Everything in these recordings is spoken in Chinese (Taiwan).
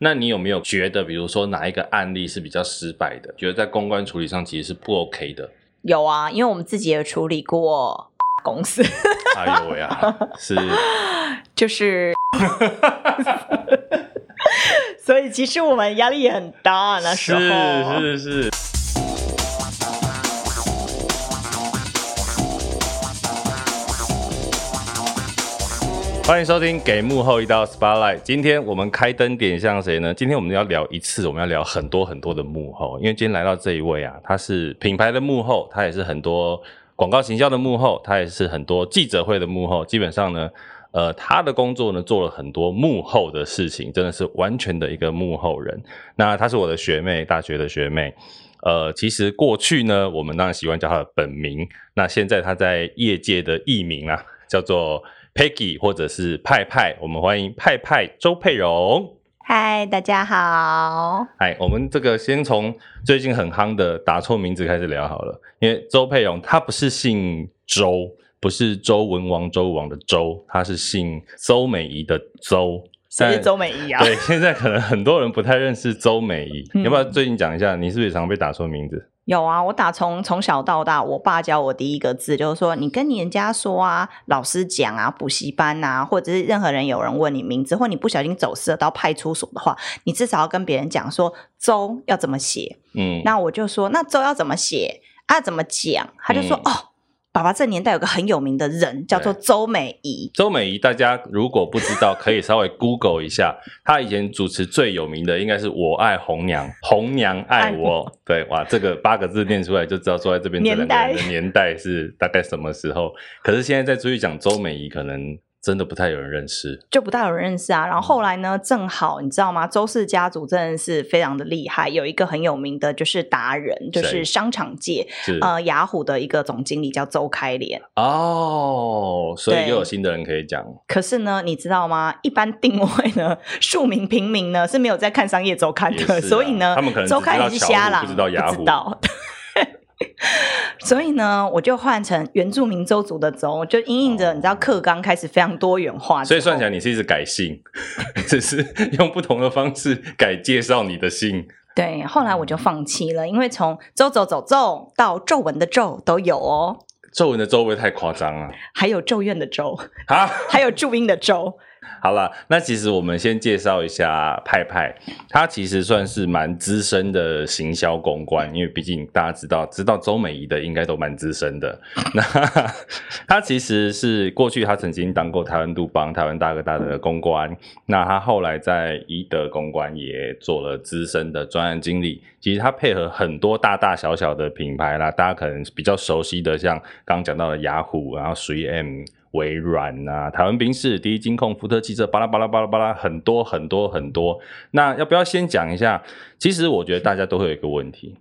那你有沒有覺得，比如說哪一個案例是比較失敗的？覺得在公關處理上其實是不 OK 的？有啊，因為我們自己也處理過公司。 哎呦喂呀、啊，是，就是。 所以其實我們壓力也很大，那時候是是是。是是歡迎收聽《給幕後一道 Spotlight》，今天我們開燈點像誰呢？今天我們要聊一次，我們要聊很多很多的幕後，因為今天來到這一位啊，他是品牌的幕後，他也是很多廣告行銷的幕後，他也是很多記者會的幕後。基本上呢，呃，他的工作呢做了很多幕後的事情，真的是完全的一個幕後人。那他是我的學妹，大學的學妹。呃，其實過去呢，我們當然喜歡叫他的本名。那現在他在業界的藝名啊，叫做。Peggy 或者是派派，我們歡迎派派鄒佩蓉。嗨，大家好。哎，我們這個先從最近很夯的打錯名字開始聊好了，因為鄒佩蓉她不是姓周，不是周文王周武王的周，她是姓鄒美儀的鄒。是，不是鄒美儀啊、哦。對，現在可能很多人不太認識鄒美儀，嗯、要不要最近講一下？你是不是常被打錯名字？有啊，我打從從小到大，我爸教我第一個字就是說，你跟你人家說啊，老師講啊，補習班啊，或者是任何人有人問你名字，或你不小心走失了到派出所的話，你至少要跟別人講說“鄒”要怎麼寫。嗯，那我就說，那“鄒”要怎麼寫？啊，怎麼講？他就說、嗯、哦。派派這年代有個很有名的人叫做周美儀。周美儀，大家如果不知道，可以稍微 Google 一下。 他以前主持最有名的應該是《我愛紅娘》，紅娘愛我。愛我對，哇，這個八個字念出來就知道坐在這邊的人的年代年代是大概什麼時候。代可是現在再出去講周美儀，可能。真的不太有人認識，就不太有人認識啊。然後後來呢，正好你知道嗎？鄒氏家族真的是非常的厲害，有一個很有名的，就是達人，就是商場界呃雅虎的一個總經理叫鄒開蓮哦。所以又有新的人可以講。可是呢，你知道嗎？一般定位呢，庶民平民呢是沒有在看商業週刊的，啊、所以呢，他們可能鄒開蓮瞎啦不知道雅虎 所以呢，我就換成原住民鄒族的鄒，就因應著你知道，課綱開始非常多元化，所以算起來你是一直改姓， 只是用不同的方式改介紹你的姓。對，後來我就放棄了，因為從鄒走走，鄒到皺紋的皺都有哦，皺紋的皺會不會太誇張了？啊？還有咒怨的咒啊，還有祝英的咒。哈好了，那其實我們先介紹一下派派，他其實算是蠻資深的行銷公關，因為畢竟大家知道知道周美儀的應該都蠻資深的。那哈哈，他其實是過去他曾經當過台灣杜邦、台灣大哥大的公關，那他後來在頤德公關也做了資深的專案經理。其實他配合很多大大小小的品牌啦，大家可能比較熟悉的，像剛剛講到的雅虎，然後 3M 微軟啊，台灣賓士、第一金控、福特汽車、巴拉巴拉巴拉巴拉，很多很多很多。那要不要先講一下？其實我覺得大家都會有一個問題，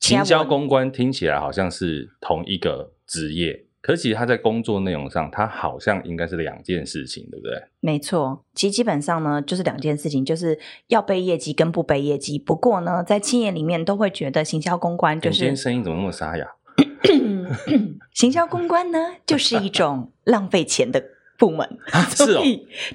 行銷公關聽起來好像是同一個職業，可是其實他在工作內容上，他好像應該是兩件事情，對不對？沒錯，其實基本上呢，就是兩件事情，就是要背業績跟不背業績。不過呢，在企業裡面都會覺得，行銷公關就是，你今天聲音怎麼那麼沙啞？ 行銷公關呢，就是一種浪費錢的部門，是哦，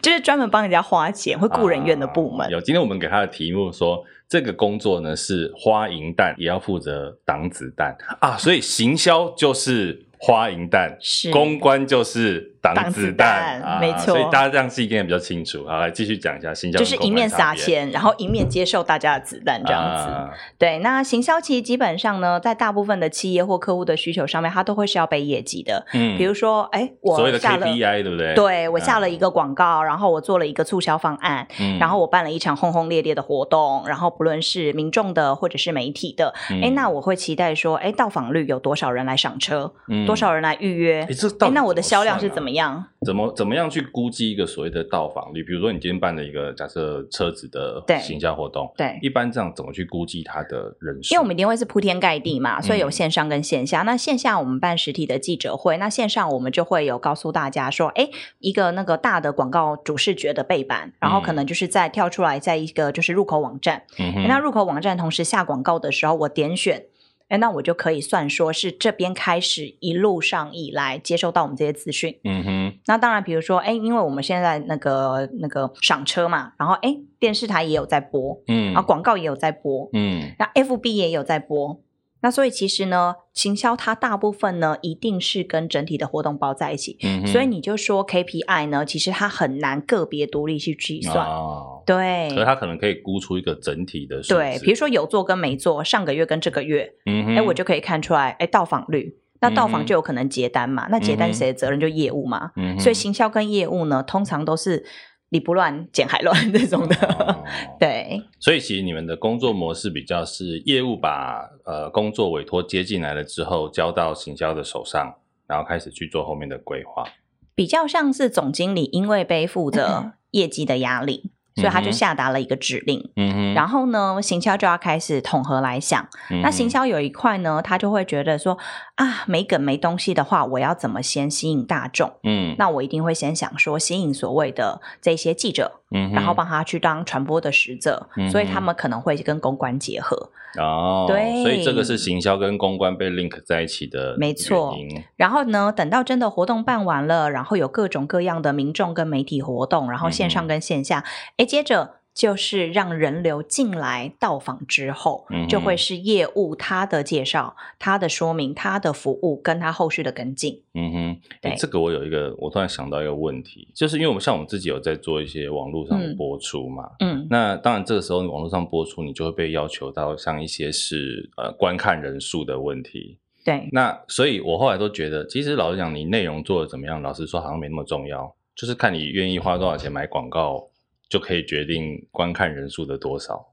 就是專門幫人家花錢、會雇人員的部門。啊，有，今天我們給他的題目說，這個工作呢是花銀彈，也要負責擋子彈啊，所以行銷就是花銀彈，是，公關就是。擋子彈，子啊，沒錯，所以大家這樣記憶點也比較清楚。好，來繼續講一下行銷。就是一面撒錢，然後一面接受大家的子彈這樣子。嗯、對，那行銷其實基本上呢，在大部分的企業或客戶的需求上面，它都會是要背業績的。嗯，比如說，哎，我下了 KPI 對不對？對，我下了一個廣告，然後我做了一個促銷方案，嗯、然後我辦了一場轟轟烈烈的活動，然後不論是民眾的或者是媒體的，哎、嗯，那我會期待說，哎，到訪率有多少人來上車，嗯，多少人來預約？哎、啊，那我的銷量是怎麼樣？怎麼樣？怎麼怎麼樣去估計一個所謂的到訪率？比如說你今天辦了一個假設車子的行銷活動，對，對，一般這樣怎麼去估計它的人數？因為我們一定會是鋪天蓋地嘛，嗯、所以有線上跟線下。那線下我們辦實體的記者會，嗯、那線上我們就會有告訴大家說，哎，一個那個大的廣告主視覺的背板，然後可能就是在跳出來，在一個就是入口網站，那入口網站同時下廣告的時候，我點選。哎，那我就可以算說是這邊開始，一路上以來接收到我們這些資訊。嗯哼，那當然，比如說，哎，因為我們現在那個那個賞車嘛，然後哎，電視台也有在播，嗯，然後廣告也有在播，嗯，那 FB 也有在播。那所以其實呢，行銷它大部分呢，一定是跟整體的活動包在一起。嗯、哼所以你就說 KPI 呢，其實它很難個別獨立去計算。哦、對，所以它可能可以估出一個整體的。對，比如說有做跟沒做，上個月跟這個月，哎、嗯哼，我就可以看出來。誒，到訪率，那到訪就有可能結單嘛。嗯、哼那結單誰的責任就業務嘛。嗯、哼所以行銷跟業務呢，通常都是。你不亂，剪還亂這種的，哦、對。所以其實你們的工作模式比較是業務把呃工作委托接進來了之後，交到行銷的手上，然後開始去做後面的規劃。比較像是總經理，因為背負着業績的壓力，嗯、哼所以他就下達了一個指令，嗯、哼然後呢，行銷就要開始統合來想。嗯、哼那行銷有一塊呢，他就會覺得說。啊，沒梗沒東西的話，我要怎麼先吸引大眾？嗯，那我一定會先想說吸引所謂的這些記者，嗯哼，然後幫他去當傳播的使者，嗯、哼所以他們可能會跟公關結合哦，對，所以這個是行銷跟公關被 link 在一起的原因，沒錯。然後呢，等到真的活動辦完了，然後有各種各樣的民眾跟媒體活動，然後線上跟線下，誒、嗯哼，接着。就是讓人流進來到訪之後，就會是業務他的介紹、嗯、哼他的說明、他的服務跟他後續的跟進。嗯哼對、欸，這個我有一個，我突然想到一個問題，就是因為我們像我們自己有在做一些網絡上播出嘛，嗯，嗯那當然這個時候網絡上播出，你就會被要求到像一些是呃觀看人數的問題，對。那所以我後來都覺得，其實老實講，你內容做得怎麼樣，老實說好像沒那麼重要，就是看你願意花多少錢買廣告。嗯就可以決定觀看人數的多少，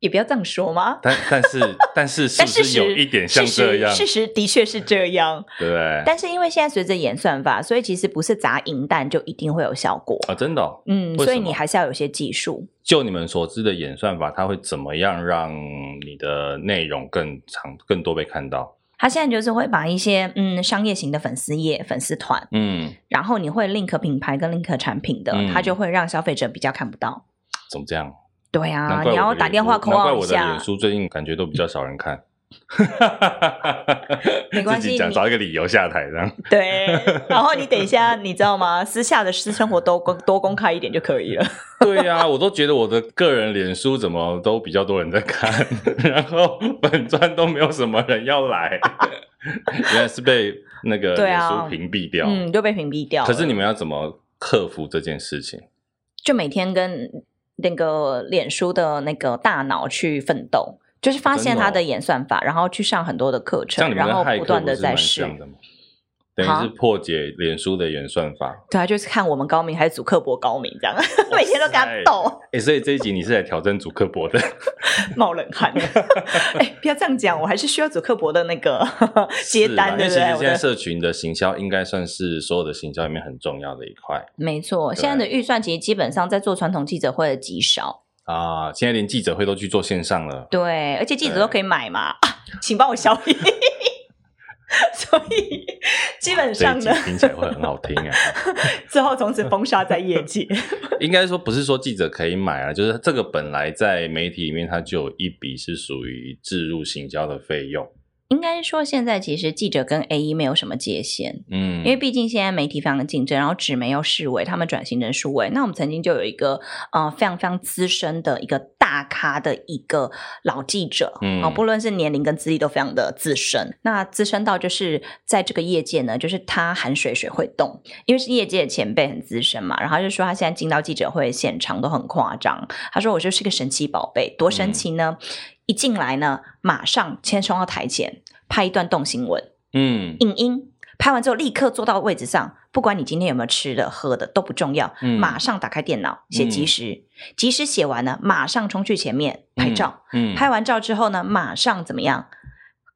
也不要這樣說嗎？ 但但是但是是不是有一點像這樣，事實，事實，事實的確是這樣，對。但是因為現在隨着演算法，所以其實不是砸銀彈就一定會有效果啊、哦！真的、哦，嗯，所以你還是要有些技術。就你們所知的演算法，它會怎麼樣讓你的內容更長、更多被看到？他、啊、現在就是會把一些嗯商業型的粉絲頁、粉絲團，嗯，然後你會 link 品牌跟 link 產品的，他、嗯、就會讓消費者比較看不到。怎麼這樣？對啊，難怪你要打電話恐嚇，一下。我，我的臉書最近感覺都比較少人看。嗯哈，哈哈，沒關係，想找一個理由下台這樣。對，然後你等一下，你知道嗎？私下的私生活都公多公開一點就可以了。對呀、啊，我都覺得我的個人臉書怎麼都比較多人在看， 然後本傳都沒有什麼人要來， 原來是被那個臉書屏蔽掉、啊，嗯，就被屏蔽掉。可是你們要怎麼克服這件事情？就每天跟那個臉書的那個大腦去奮鬥。就是發現他的演算法，哦、然後去上很多的課程，然後不斷的在試，等於是破解臉書的演算法。哈對、啊，就是看我們高明還是祖克伯高明這樣，哦、塞 每天都跟他鬥，欸、所以這一集你是來挑戰祖克伯的， 冒冷汗、欸。哎、 欸，不要這樣講，我還是需要祖克伯的那個接單。的其吧對，對，其實現在社群的行銷應該算是所有的行銷裡面很重要的一塊。沒錯，對現在的預算其實基本上在做傳統記者會的極少。啊、呃，現在連記者會都去做線上了。對，而且記者都可以買嘛，對啊、請幫我消音。 所以基本上呢，聽起來會很好聽啊。最 後從此封殺在業界。 應該說不是說記者可以買啊，就是這個本來在媒體裡面，它就有一筆是屬於置入性行銷的費用。應該說，現在其實記者跟 A E 沒有什麼界限，嗯，因為畢竟現在媒體非常的競爭，然後紙媒有視為他們轉型成數位。那我們曾經就有一個呃非常非常資深的一個大咖的一個老記者，啊、嗯哦，不論是年齡跟資歷都非常的資深。那資深到就是在這個業界呢，就是他喊水水會動，因為是業界的前輩很資深嘛，然後就說他現在進到記者會現場都很誇張，他說我就是個神奇寶貝，多神奇呢。嗯一進來呢，馬上先衝到台前拍一段動新聞，嗯，影音拍完之後立刻坐到位置上，不管你今天有沒有吃的喝的都不重要，嗯，馬上打開電腦寫即時，嗯、即時寫完呢，馬上衝去前面拍照，嗯，嗯拍完照之後呢，馬上怎麼樣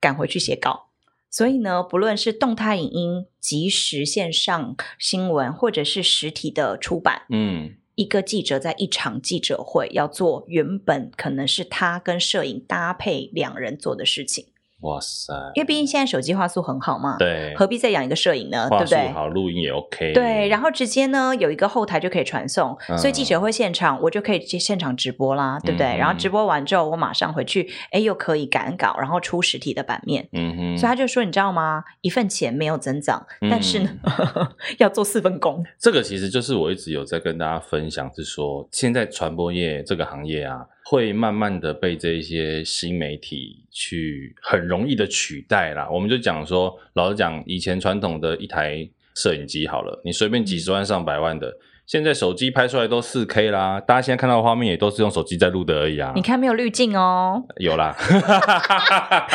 趕回去寫稿，所以呢，不論是動態影音、即時線上新聞，或者是實體的出版，嗯。一個記者在一場記者會要做原本可能是他跟攝影搭配兩人做的事情。哇塞！因為畢竟現在手機畫素很好嘛，對，何必再養一個攝影呢？畫素好，對不對？錄音也 OK。對，然後直接呢有一個後台就可以傳送，嗯、所以記者會現場我就可以現現場直播啦，對不對？嗯、哼然後直播完之後我馬上回去，哎、欸，又可以趕稿，然後出實體的版面。嗯哼，所以他就說，你知道嗎？一份錢沒有增長，但是呢，嗯、哼 要做四份工。這個其實就是我一直有在跟大家分享，是說現在傳播業這個行業啊，會慢慢的被這些新媒體去很容易的取代啦。我們就講說，老實講，以前傳統的一台攝影機好了，你隨便幾十萬、上百萬的。現在手機拍出來都 4K 啦，大家現在看到的畫面也都是用手機在錄的而已啊。你看沒有濾鏡哦。有啦，哈哈哈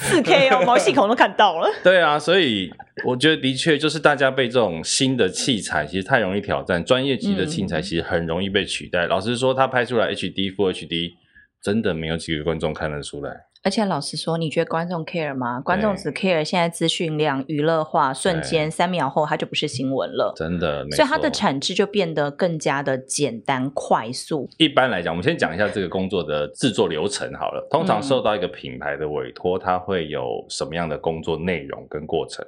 ，4K 哦，毛細孔都看到了。對啊，所以我覺得的確就是大家被這種新的器材其實太容易挑戰，專業級的器材其實很容易被取代。嗯、老實說，它拍出來 HD、Full HD，真的沒有幾個觀眾看得出來。而且老實說，你覺得觀眾 care 嗎？觀眾只 care 現在資訊量娛樂化，對瞬間三秒後它就不是新聞了，真的。所以它的產質就變得更加的簡單快速。一般來講，我們先講一下這個工作的制作流程好了。通常受到一個品牌的委托，嗯、它會有什麼樣的工作內容跟過程？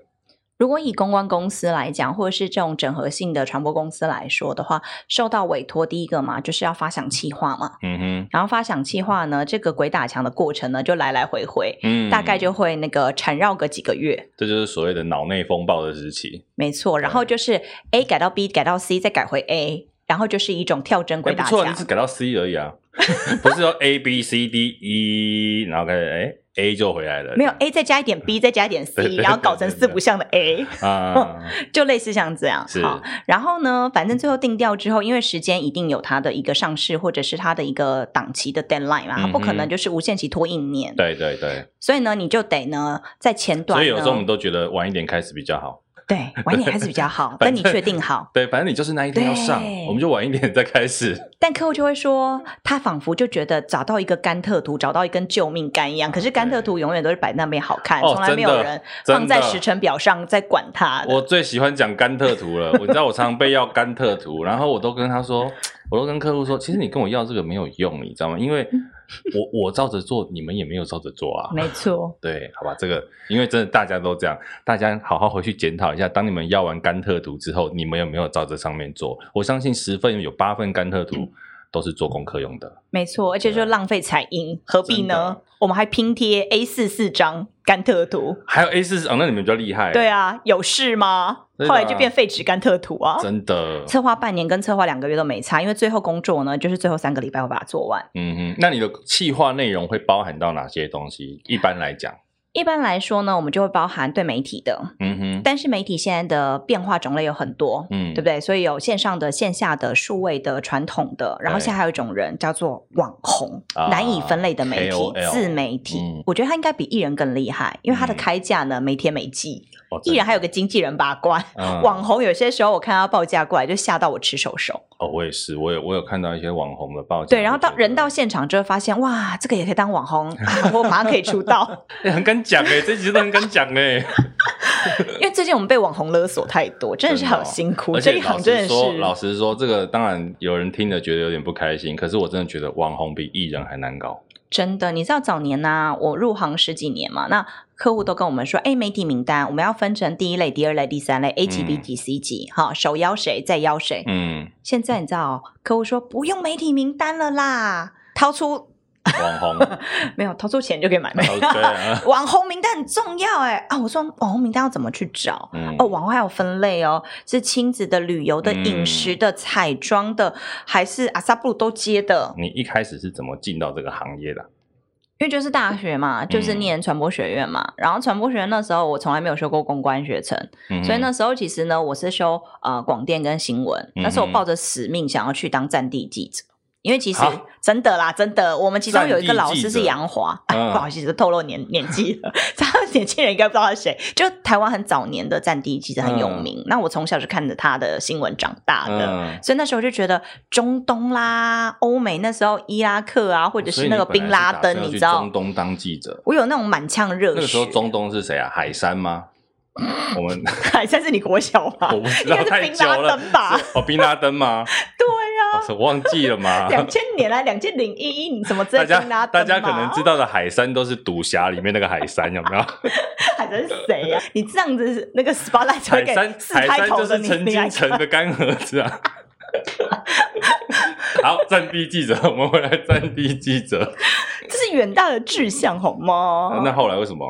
如果以公關公司來講，或者是這種整合性的傳播公司來說的話，受到委托，第一個嘛就是要發想企劃嘛，嗯哼，然後發想企劃呢，這個鬼打牆的過程呢就來來回回，嗯，大概就會那個纏繞個幾個月，這就是所謂的腦內風暴的時期，沒錯。然後就是 A 改到 B，改到 C，再改回 A，然後就是一種跳針鬼打牆，哎，不錯啊，你只改到 C 而已啊。 不是說 A B C D E， 然後開始哎 A 就回來了，沒有 A 再加一點 B 再加一點 C，對對對對對，然後搞成四不像的 A， 嗯、 就類似像這樣。是好，然後呢，反正最後定調之後，因為時間一定有它的一個上市或者是它的一個檔期的 deadline 嘛，嗯、哼它不可能就是無限期拖一年。對對對，所以呢，你就得呢在前端，所以有時候我們都覺得晚一點開始比較好。對，晚一點開始比較好，等 正你確定好。對，反正你就是那一天要上，對我們就晚一點再開始、嗯。但客戶就會說，他仿佛就覺得找到一個甘特圖，找到一根救命桿一樣。可是甘特圖永遠都是擺那邊好看，從對來沒有人放在時程表上在管它。哦、我最喜歡講甘特圖了， 我你知道我常常被要甘特圖，然後我都跟他說，我都跟客戶說，其實你跟我要這個沒有用，你知道嗎？因為。 我我照着做，你們也沒有照着做啊。沒錯，對，好吧，這個因為真的大家都這樣，大家好好回去檢討一下。當你們要完甘特圖之後，你們有沒有照着上面做？我相信十份有八份甘特圖。嗯都是做功課用的，沒錯，而且就浪費彩印，啊、何必呢？的我們還拼貼 A 四四張甘特圖，還有 A 四哦，那你們比較厲害，對啊，有事嗎？啊、後來就變廢紙甘特圖啊，真的，策劃半年跟策劃兩個月都沒差，因為最後工作呢，就是最後三個禮拜我把它做完。嗯哼，那你的企劃內容會包含到哪些東西？一般來講。一般來說呢，我們就會包含對媒體的，嗯哼但是媒體現在的變化種類有很多，嗯，對不對？所以有線上的、線下的、數位的、傳統的，然後現在還有一種人對叫做網紅。啊、難以分類的媒體、K-O-L、自媒體。嗯、我覺得他應該比藝人更厲害，因為他的開價呢沒天沒季。嗯藝、哦、人還有個經紀人把關，嗯、網紅有些時候我看到報價過來就嚇到我吃手手。哦，我也是，我有我有看到一些網紅的報價，對，然後到人到現場就會發現，哇，這個也可以當網紅， 啊、我馬上可以出道。 很敢講哎、欸，這集都很敢講哎、欸， 因為最近我們被網紅勒索太多，真的是好辛苦。而且真、哦、真的是老實說，老實說，這個當然有人聽了覺得有點不開心，可是我真的覺得網紅比藝人還難搞。真的，你知道早年呢、啊，我入行十幾年嘛，那客戶都跟我們說，哎，媒體名單我們要分成第一類、第二類、第三類，A 級、B 級、C 級，哈、嗯，首邀誰，再邀誰，嗯。現在你知道，客戶說不用媒體名單了啦，掏出。網紅 沒有，掏出錢就可以買沒。對，網紅名單很重要哎啊！我說網紅名單要怎麼去找？嗯、哦，網紅還有分類哦，是親子的、旅遊的、飲、嗯、食的、彩妝的，還是阿薩布魯都接的？你一開始是怎麼進到這個行業的？因為就是大學嘛，就是念傳播學院嘛。嗯、然後傳播學院那時候我從來沒有修過公關學程，嗯、哼所以那時候其實呢，我是修呃廣電跟新聞，但是、嗯、哼我抱着使命想要去當戰地記者。因為其實真的啦，啊、真的，我們其中有一個老師是楊華、嗯啊，不好意思，透露年年紀了，然後年輕人應該不知道是誰，就台灣很早年的戰地記者很有名，嗯、那我從小就看着他的新聞長大的，嗯、所以那時候就覺得中東啦、歐美那時候伊拉克啊，或者是那個賓拉登，你知道？中東當記者，我有那種滿腔熱血。那個時候中東是誰啊？海珊嗎？我們海山是你國小嗎？我不知道應該是賓拉登吧太久了？哦，賓拉登嗎？ 對啊，我忘記了嗎？兩千年來兩千零一一，2011, 你怎麼知道賓拉登？大家可能知道的海山都是賭俠裡面那個海山， 有沒有？海山是誰啊？你這樣子那個巴拉喬給？海山海山就是陳金城的乾兒子啊！ 好，戰地記者，我們回來戰地記者，這是遠大的志向好嗎、啊？那後來為什麼？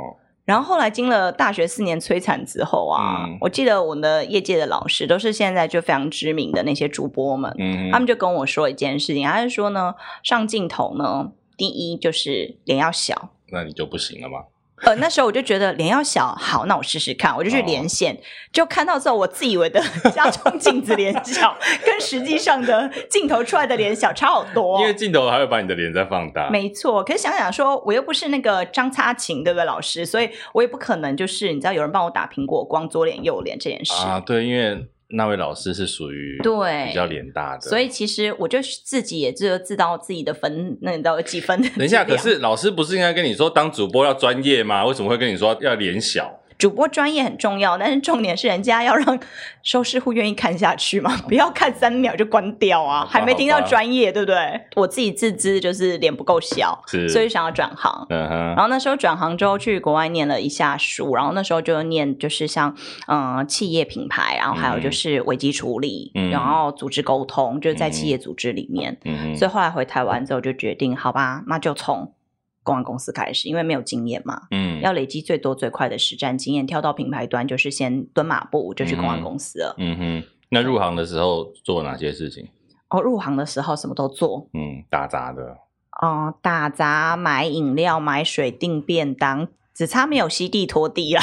然後後來經了大學四年摧殘之後啊，嗯，我記得我們的業界的老師都是現在就非常知名的那些主播們，嗯，他們就跟我說一件事情，他就說呢，上鏡頭呢，第一就是臉要小，那你就不行了吧。 呃，那時候我就覺得臉要小，好，那我試試看，我就去連線，就、哦、看到之後，我自以為的家中鏡子臉小， 跟實際上的鏡頭出來的臉小差好多，因為鏡頭還會把你的臉再放大。沒錯，可是想想說，我又不是那個張擦琴對不對，老師，所以我也不可能就是你知道有人幫我打蘋果光、左臉右臉這件事啊，對，因為。那位老師是屬於對比較臉大的，所以其實我就自己也就知道自己的分，那你知道幾分？等一下，可是老師不是應該跟你說當主播要專業嗎？為什麼會跟你說要臉小？主播專業很重要，但是重點是人家要讓收視戶願意看下去嘛，不要看三秒就關掉啊！還沒聽到專業，好怕好怕對不對？我自己自知就是臉不夠小，是所以想要轉行。嗯、哼然後那時候轉行之後去國外念了一下書，然後那時候就念就是像嗯、呃、企業品牌，然後還有就是危機處理，嗯、然後組織溝通，就是在企業組織裡面。嗯嗯、所以後來回台灣之後就決定，好吧，那就從。公關公司開始，因為沒有經驗嘛，嗯，要累積最多最快的實戰經驗，跳到品牌端就是先蹲馬步，嗯、哼就去公關公司了。嗯哼，那入行的時候做哪些事情？哦，入行的時候什麼都做，嗯，打雜的，哦，打雜、買飲料、買水、訂便當，只差沒有吸地拖地啦，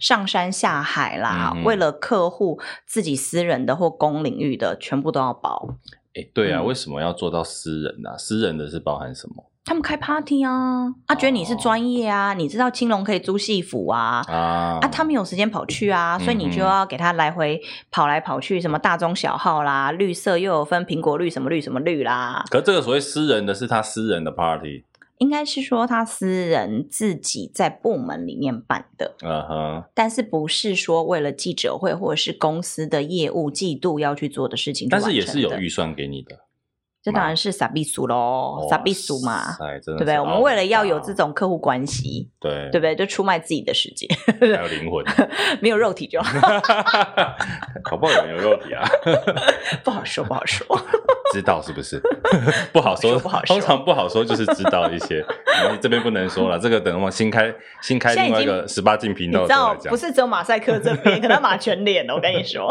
上山下海啦，嗯、哼為了客戶自己私人的或公領域的，全部都要包。哎、欸，對啊，嗯、為什麼要做到私人呢、啊？私人的是包含什麼？他們開 party 啊，啊，覺得你是專業啊，oh. 你知道青龍可以租戲服啊，ah. 啊，他們有時間跑去啊，所以你就要給他來回跑來跑去，mm hmm. 什麼大中小號啦，綠色又有分蘋果綠什麼綠什麼綠啦。可，這個所謂私人的是他私人的 party，應該是說他私人自己在部門裡面辦的，嗯哼、uh，huh. 但是不是說為了記者會或者是公司的業務季度要去做的事情的，但是也是有預算給你的。這當然是傻逼叔嘍，傻逼叔嘛，對不對？哦、我們為了要有這種客戶關係，對對不對？就出賣自己的世界，還有靈魂， 沒有肉體就好， 好不好也沒有肉體啊？ 不好說，不好說， 知道是不是？不好說， 通常不好說就是知道一些。 這邊不能說了，這個等我新開新開另外一個十八禁頻道再講。不是只有馬賽克這邊，可能馬全臉了。我跟你說，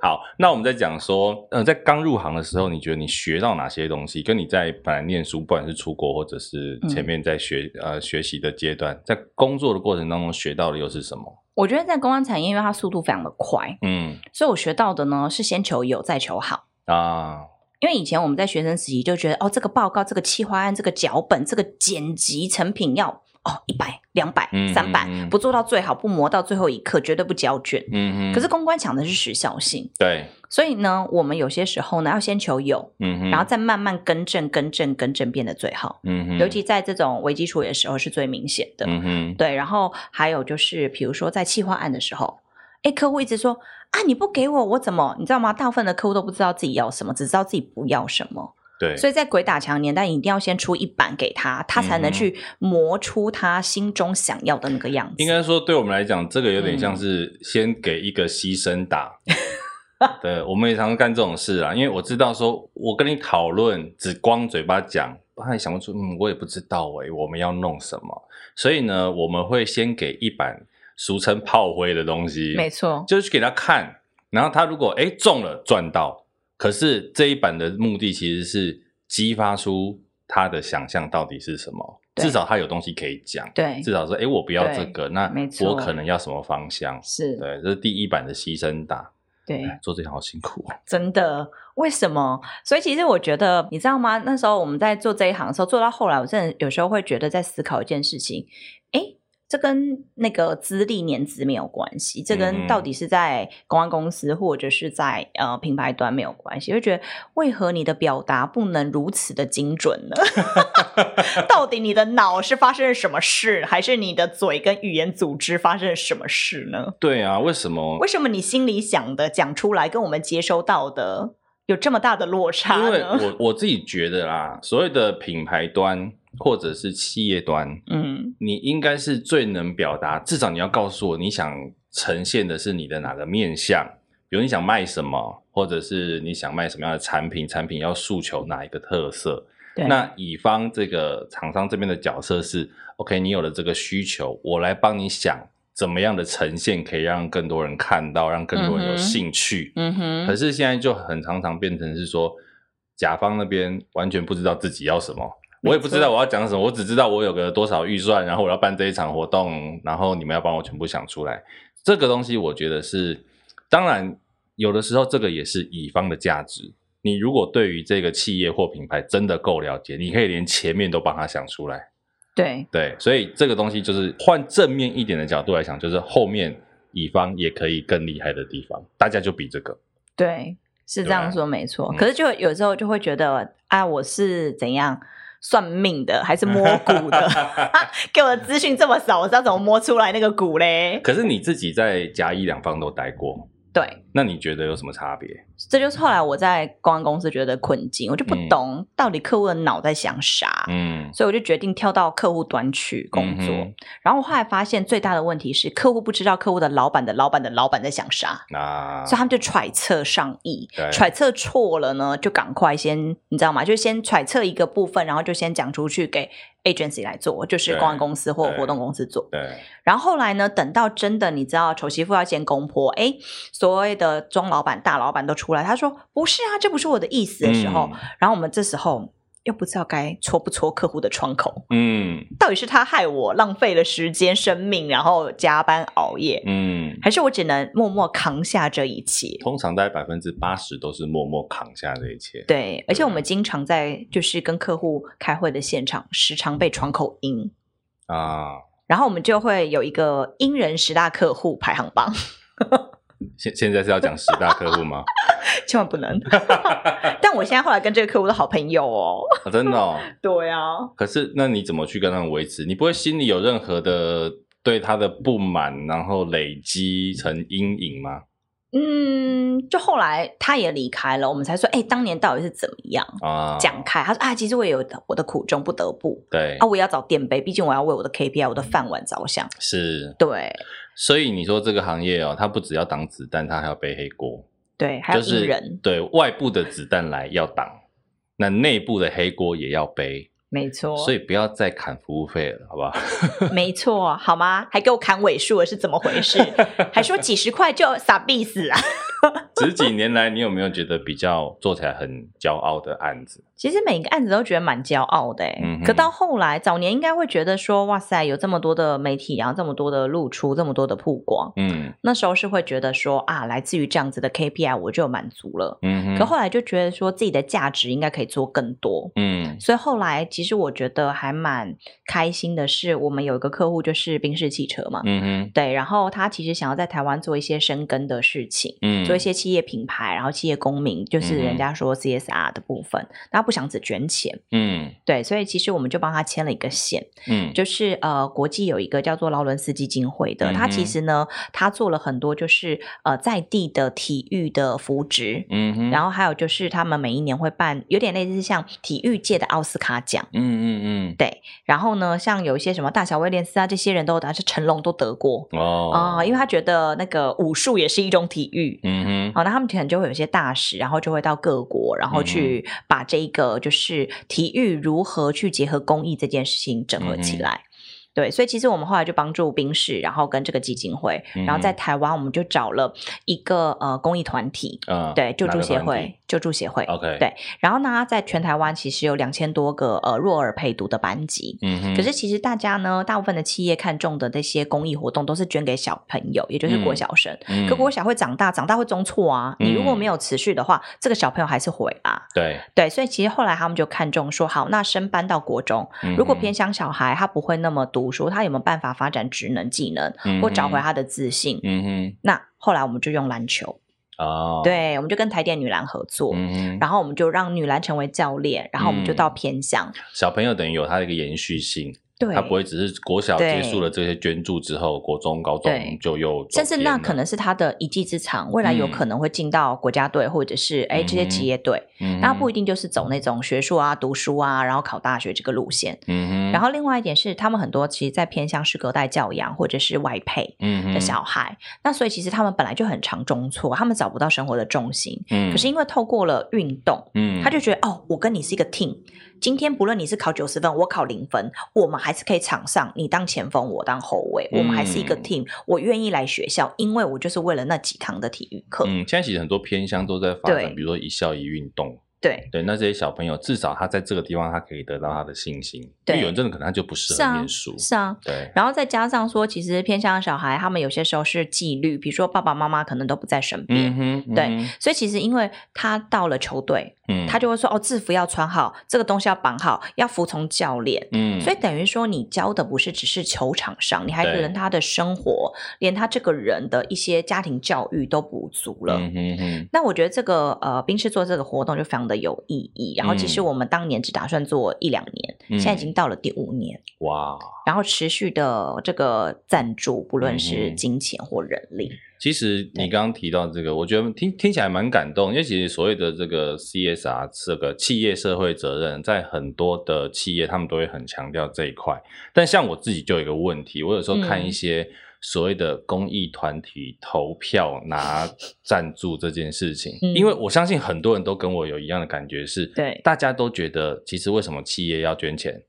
好，那我們在講說，呃，在剛入行的時候，你覺得你學到哪些東西？跟你在本來念書，不管是出國或者是前面在學、嗯、呃學習的階段，在工作的過程當中學到的又是什麼？我覺得在公關產業，因為它速度非常的快，嗯，所以我學到的呢是先求有，再求好啊。因為以前我們在學生時期就覺得，哦，這個報告、這個企劃案、這個腳本、這個剪輯成品要哦一百、兩百、嗯嗯、三百，不做到最好，不磨到最後一刻，絕對不交卷。嗯、哼可是公關搶的是時效性，對。所以呢，我們有些時候呢，要先求有，嗯、哼然後再慢慢更正、更正、更正，變得最好。嗯、哼尤其在這種危機處理的時候，是最明顯的。嗯哼對，然後還有就是，比如說在企劃案的時候，哎，客戶一直說。啊！你不給我，我怎麼？你知道嗎？大部分的客戶都不知道自己要什麼，只知道自己不要什麼。對，所以在鬼打牆年代，你一定要先出一版給他，他才能去磨出他心中想要的那個樣子。嗯、應該說，對我們來講，這個有點像是先給一個犧牲打。嗯、對，我們也常常幹這種事啊， 因為我知道，說我跟你討論，只光嘴巴講，他、啊、還想不出。嗯，我也不知道誒、欸、我們要弄什麼？所以呢，我們會先給一版。俗稱炮灰的東西，沒錯錯，就是去給他看，然後他如果，哎、欸、中了賺到，可是這一版的目的其實是激發出他的想象到底是什麼，對至少他有東西可以講，對，至少說，哎、欸、我不要這個，對那我可能要什麼方向，是？錯對，這是第一版的犧牲打，對、欸，做這一行好辛苦啊，真的，為什麼？所以其實我覺得，你知道嗎？那時候我們在做這一行的時候，做到後來，我真的有時候會覺得在思考一件事情，哎、欸。這跟那個資歷、年資沒有關係，這跟到底是在公關公司或者是在、嗯、呃品牌端沒有關係，就覺得為何你的表達不能如此的精準呢？ 到底你的腦是發生了什麼事，還是你的嘴跟語言組織發生了什麼事呢？對啊，為什麼？為什麼你心裡想的講出來跟我們接收到的有這麼大的落差呢？因為我我自己覺得啦，所有的品牌端。或者是企業端，嗯，你應該是最能表達，至少你要告訴我你想呈現的是你的哪個面向，比如你想賣什麼，或者是你想賣什麼樣的產品，產品要訴求哪一個特色。對，那乙方這個廠商這邊的角色是，OK，你有了這個需求，我來幫你想怎麼樣的呈現，可以讓更多人看到，讓更多人有興趣。嗯哼。嗯哼。可是現在就很常常變成是說，甲方那邊完全不知道自己要什麼。我也不知道我要講什麼，我只知道我有個多少預算，然後我要辦這一場活動，然後你們要幫我全部想出來。這個東西我覺得是，當然有的時候這個也是乙方的價值。你如果對於這個企業或品牌真的夠了解，你可以連前面都幫他想出來。對對，所以這個東西就是換正面一點的角度來講，就是後面乙方也可以更厲害的地方，大家就比這個。對，是這樣說對沒錯。可是就有時候就會覺得，嗯、啊，我是怎樣？算命的還是摸骨的？ 給我的資訊這麼少，我知道怎麼摸出來那個骨嘞？可是你自己在甲乙兩方都待過嗎？對，那你覺得有什麼差別？這就是後來我在公關公司覺得困境，我就不懂到底客戶的腦在想啥，嗯，所以我就決定跳到客戶端去工作。嗯、哼然後我後來發現最大的問題是，客戶不知道客戶的老板的老板的老板在想啥，啊，所以他們就揣測上意，對揣測錯了呢，就趕快先，你知道嗎？就先揣測一個部分，然後就先講出去給。agency 來做，就是公關公司或活動公司做。對，對對，然後後來呢？等到真的，你知道醜媳婦要見公婆，誒，所謂的中老板、大老闆都出來，他說：“不是啊，這不是我的意思。”的時候，嗯，然後我們這時候。又不知道該戳不戳客戶的窗口，嗯，到底是他害我浪費了時間、生命，然後加班熬夜，嗯，還是我只能默默扛下這一切？通常在百分之八十都是默默扛下這一切。對，對。而且我們經常在就是跟客戶開會的現場，時常被窗口陰啊，然後我們就會有一個陰人十大客戶排行榜。 現現在是要講十大客戶嗎？ 千萬不能。 但我現在後來跟這個客戶的好朋友哦。 哦、真的、哦？ 對啊。可是那你怎麼去跟他們維持？你不會心裡有任何的對他的不滿，然後累積成陰影嗎？嗯，就後來他也離開了，我們才說，哎、欸，當年到底是怎麼樣啊？講開，他說啊，其實我也有我的苦衷，不得不對啊，我也要找墊背，畢竟我要為我的 KPI、我的飯碗着想。是對。所以你說這個行業哦，它不只要擋子彈，它還要背黑鍋，對，還有就是藝人對外部的子彈來要擋，那內部的黑鍋也要背，沒錯。所以不要再砍服務費了，好不好？沒錯，好嗎？還給我砍尾數了，是怎麼回事？還說幾十塊就撒逼死了。 十 幾年來，你有沒有覺得比較做起來很驕傲的案子？其實每個案子都覺得蠻驕傲的、欸嗯、哼可到後來，早年應該會覺得說：“哇塞，有這麼多的媒體，然後這麼多的露出，這麼多的曝光。”嗯。那時候是會覺得說：“啊，來自於這樣子的 KPI，我就滿足了。嗯哼”嗯可後來就覺得說，自己的價值應該可以做更多。嗯。所以後來，其實我覺得還蠻開心的是，我們有一個客戶就是賓士汽車嘛。嗯哼。對，然後他其實想要在台灣做一些深耕的事情。嗯。有一些企業品牌，然後企業公民就是人家說 CSR 的部分，嗯、哼他不想只捐錢，嗯，對，所以其實我們就幫他牽了一個線，嗯，就是呃，國際有一個叫做勞倫斯基金會的，嗯、哼他其實呢，他做了很多就是呃在地的體育的扶植，嗯哼，然後還有就是他們每一年會辦有點類似像體育界的奧斯卡獎，嗯嗯嗯，對，然後呢，像有一些什麼大小威廉斯啊這些人都得，甚至成龍都得過哦、呃、因為他覺得那個武術也是一種體育，嗯。嗯，好，那 他們可能就會有些大使，然後就會到各國，然後去把這一個就是體育如何去結合公益這件事情整合起來。 對，所以其實我們後來就幫助賓士，然後跟這個基金會， 然後在台灣我們就找了一個呃公益團體，呃、對救助協會。救助協會 Okay. 對。然後呢，在全台灣其實有兩千多個呃弱兒陪讀的班級。嗯哼可是其實大家呢，大部分的企業看中的那些公益活動，都是捐給小朋友，也就是國小生。嗯、可國小會長大，長大會中輟啊。嗯、你如果沒有持續的話，嗯、這個小朋友還是毀吧？對。對，所以其實後來他們就看中說，好，那升班到國中，嗯、哼如果偏向小孩，他不會那麼讀書，他有沒有辦法發展職能技能，嗯、哼或找回他的自信？嗯哼那後來我們就用籃球。哦、對，我們就跟台電女籃合作，嗯、哼然後我們就讓女籃成為教練，然後我們就到偏鄉、嗯，小朋友等於有她的一個延續性。對他不會只是國小結束了這些捐助，之後，對國中、高中就又中，甚至那可能是他的一技之長，未來有可能會進到國家隊、嗯、或者是這些企業隊，那、嗯、不一定就是走那種學術啊、讀書啊，然後考大學這個路線。嗯、然後另外一點是，他們很多其實在偏向是隔代教養或者是外配的小孩，嗯、那所以其實他們本來就很常中輟，他們找不到生活的重心。嗯、可是因為透過了運動，嗯、他就覺得哦，我跟你是一個 team。今天不論你是考九十分，我考零分，我們還是可以場上。你當前鋒，我當後衛，嗯、我們還是一個 team。我願意來學校，因為我就是為了那幾堂的體育課。嗯，現在其實很多偏鄉都在發展，對比如說一校一運動。對對，那這些小朋友至少他在這個地方，他可以得到他的信心。對，有人真的可能他就不適合念書，是啊。對，然後再加上說，其實偏向小孩，他們有些時候是紀律，比如說爸爸媽媽可能都不在身邊，對。所以其實因為他到了球隊，他就會說哦，制服要穿好，這個東西要綁好，要服從教練。嗯，所以等於說你教的不是只是球場上，你還連他的生活，連他這個人的一些家庭教育都補足了。那我覺得這個呃，賓士做這個活動就非常的。有意義。然後，其實我們當年只打算做一兩年，嗯、現在已經到了第五年。嗯、哇！然後持續的這個贊助，不論是金錢或人力，嗯、其實你剛剛提到這個，對我覺得聽聽起來蠻感動。因為其實所謂的這個 CSR，這個企業社會責任，在很多的企業他們都會很強調這一塊。但像我自己就有一個問題，我有時候看一些。嗯所謂的公益團體投票拿贊助這件事情，因為我相信很多人都跟我有一樣的感覺，是，大家都覺得其實為什麼企業要捐錢？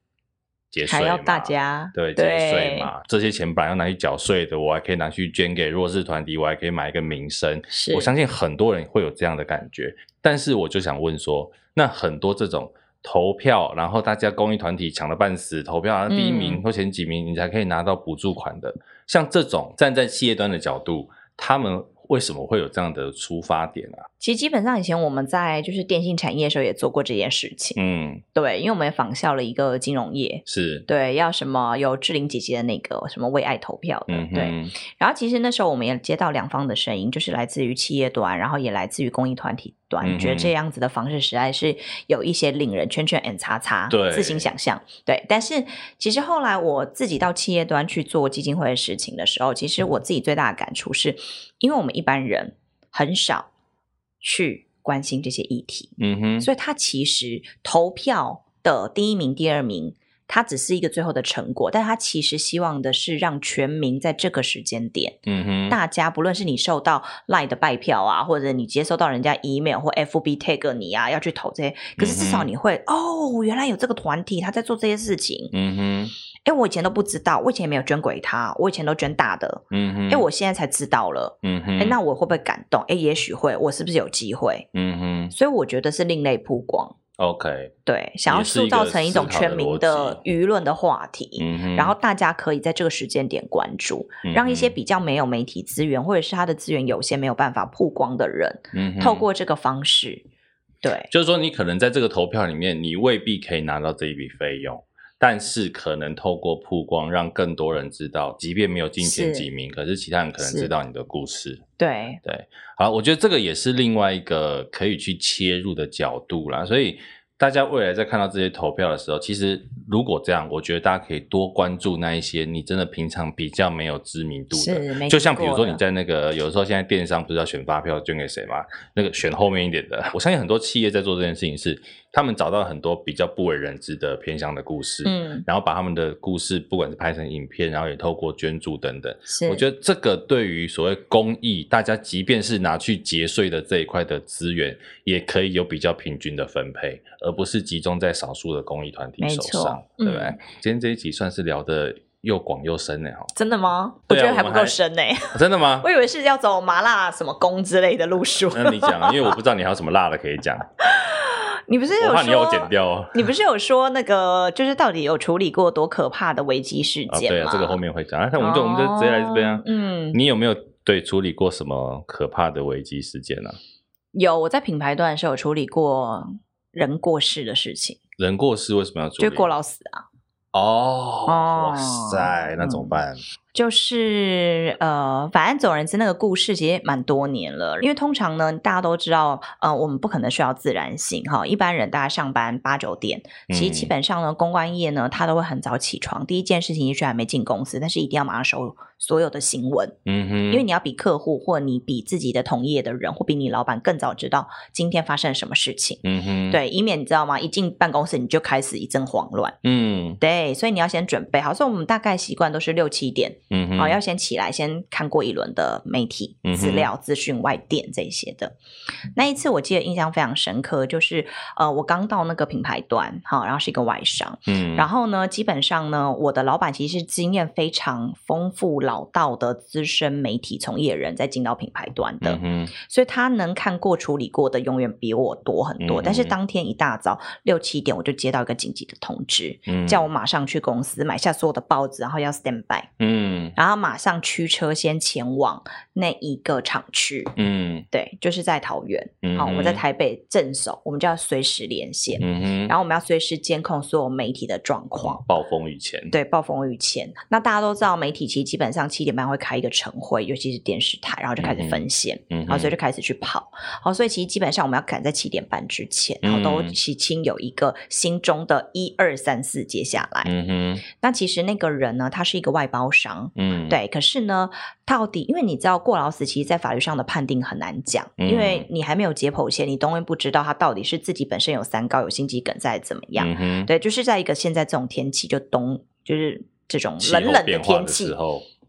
還要大家對節稅嘛？這些錢本來要拿去繳稅的，我還可以拿去捐給弱勢團體，我還可以買一個名聲。我相信很多人會有這樣的感覺，但是我就想問說，那很多這種投票，然後大家公益團體搶了半死，投票拿、啊、到第一名或前幾名，你才可以拿到補助款的。像這種站在企業端的角度，他們。為什麼會有這樣的出發點啊？其實基本上以前我們在就是電信產業的時候也做過這件事情。嗯，對，因為我們也仿效了一個金融業，是對，要什麼有志玲姐姐的那個什麼為愛投票的，嗯、哼對。然後其實那時候我們也接到兩方的聲音，就是來自於企業端，然後也來自於公益團體端，嗯、哼覺得這樣子的方式實在是有一些令人圈圈嗯叉叉對，自行想象，對。但是其實後來我自己到企業端去做基金會的事情的時候，其實我自己最大的感觸是。因為我們一般人很少去關心這些議題，嗯、哼所以他其實投票的第一名、第二名，他只是一個最後的成果，但他其實希望的是讓全民在這個時間點，嗯、哼大家不論是你受到 LINE 的拜票啊，或者你接收到人家 email 或 FB tag 你啊，要去投這些，可是至少你會、嗯、哼哦，原來有這個團體他在做這些事情，嗯哎，我以前都不知道，我以前沒有捐給他，我以前都捐大的。嗯哼，我現在才知道了。嗯哼，那我會不會感動？哎，也許會，我是不是有機會？嗯哼，所以我覺得是另類曝光。OK，對，想要塑造成一種全民的輿論的話題，嗯哼，然後大家可以在這個時間點關注，嗯哼，讓一些比較沒有媒體資源或者是他的資源有限沒有辦法曝光的人，嗯哼，透過這個方式，對，就是說你可能在這個投票裡面，你未必可以拿到這一筆費用。但是可能透過曝光，讓更多人知道，即便沒有進前幾名，是可是其他人可能知道你的故事。對對，好，我覺得這個也是另外一個可以去切入的角度啦。所以大家未來在看到這些投票的時候，其實如果這樣，我覺得大家可以多關注那一些你真的平常比較沒有知名度的，就像比如說你在那個有的時候現在電商不是要選發票捐給誰嗎？那個選後面一點的， 我相信很多企業在做這件事情是。他們找到很多比較不為人知的偏鄉的故事，嗯，然後把他們的故事不管是拍成影片，然後也透過捐助等等，是我覺得這個對於所謂公益，大家即便是拿去節稅的這一塊的資源，也可以有比較平均的分配，而不是集中在少數的公益團體手上，錯對不對？嗯，今天這一集算是聊得又廣又深呢，哦，真的嗎？我覺得還不夠深呢，啊啊，真的嗎？ 我以為是要走麻辣什麼工之類的路數， 那你講，啊，因為我不知道你還有什麼辣的可以講。 你不是有說？我怕你要我剪掉啊？你不是有說那個，就是到底有處理過多可怕的危機事件嗎？啊對啊，這個後面會講。那、啊、我們就、哦、我們就直接來這邊。啊。嗯，你有沒有對處理過什麼可怕的危機事件呢、啊？有，我在品牌端是有處理過人過世的事情。過人，過事情人過世為什麼要處理？就過勞死啊！哦，哦哇塞，那怎麼辦？嗯就是呃，反正總而言之，那個故事其實也蠻多年了。因為通常呢，大家都知道，呃，我們不可能需要自然醒哈、哦。一般人大家上班八九點，其實基本上呢，嗯、公關業呢，他都會很早起床。第一件事情，也許還沒進公司，但是一定要馬上收所有的新聞。嗯哼，因為你要比客戶或你比自己的同業的人或比你老闆更早知道今天發生什麼事情。嗯哼，對，以免你知道嗎？一進辦公室你就開始一陣慌亂。嗯，對，所以你要先準備好。所以我們大概習慣都是六七點。嗯，好、哦，要先起來，先看過一輪的媒體、嗯、哼資料、資訊、外電這些的。那一次我記得印象非常深刻，就是呃，我剛到那個品牌端，好，然後是一個外商，嗯哼，然後呢，基本上呢，我的老闆其實是經驗非常豐富、老道的資深媒體從業人在進到品牌端的。嗯、哼所以他能看過、處理過的永遠比我多很多。嗯、哼但是當天一大早六七點，我就接到一個緊急的通知，嗯、哼叫我馬上去公司買下所有的包子，然後要 stand by，嗯。然後馬上驅車先前往。那一個廠區，嗯，對，就是在桃園。好、嗯哦，我們在台北鎮守，我們就要隨時連線，嗯哼然後我們要隨時監控所有媒體的狀況。暴風雨前，對，暴風雨前。那大家都知道，媒體其實基本上七點半會開一個晨會，尤其是電視台，然後就開始分線，嗯哼，然後所以就開始去跑。嗯、哼好，所以其實基本上我們要趕在七點半之前，然後都其清有一個心中的一二三四接下來，嗯嗯哼那其實那個人呢，他是一個外包商，嗯哼，對。可是呢，到底因為你知道。過勞死其實，在法律上的判定很難講，因為你還沒有解剖先，你都會不知道他到底是自己本身有三高、有心肌梗塞怎麼樣。嗯、哼對，就是在一個現在這種天氣，就冬就是這種冷冷的天氣，氣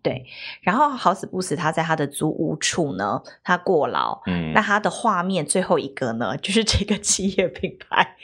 對。然後好死不死，他在他的租屋處呢，他過勞。嗯、那他的畫面最後一個呢，就是這個企業品牌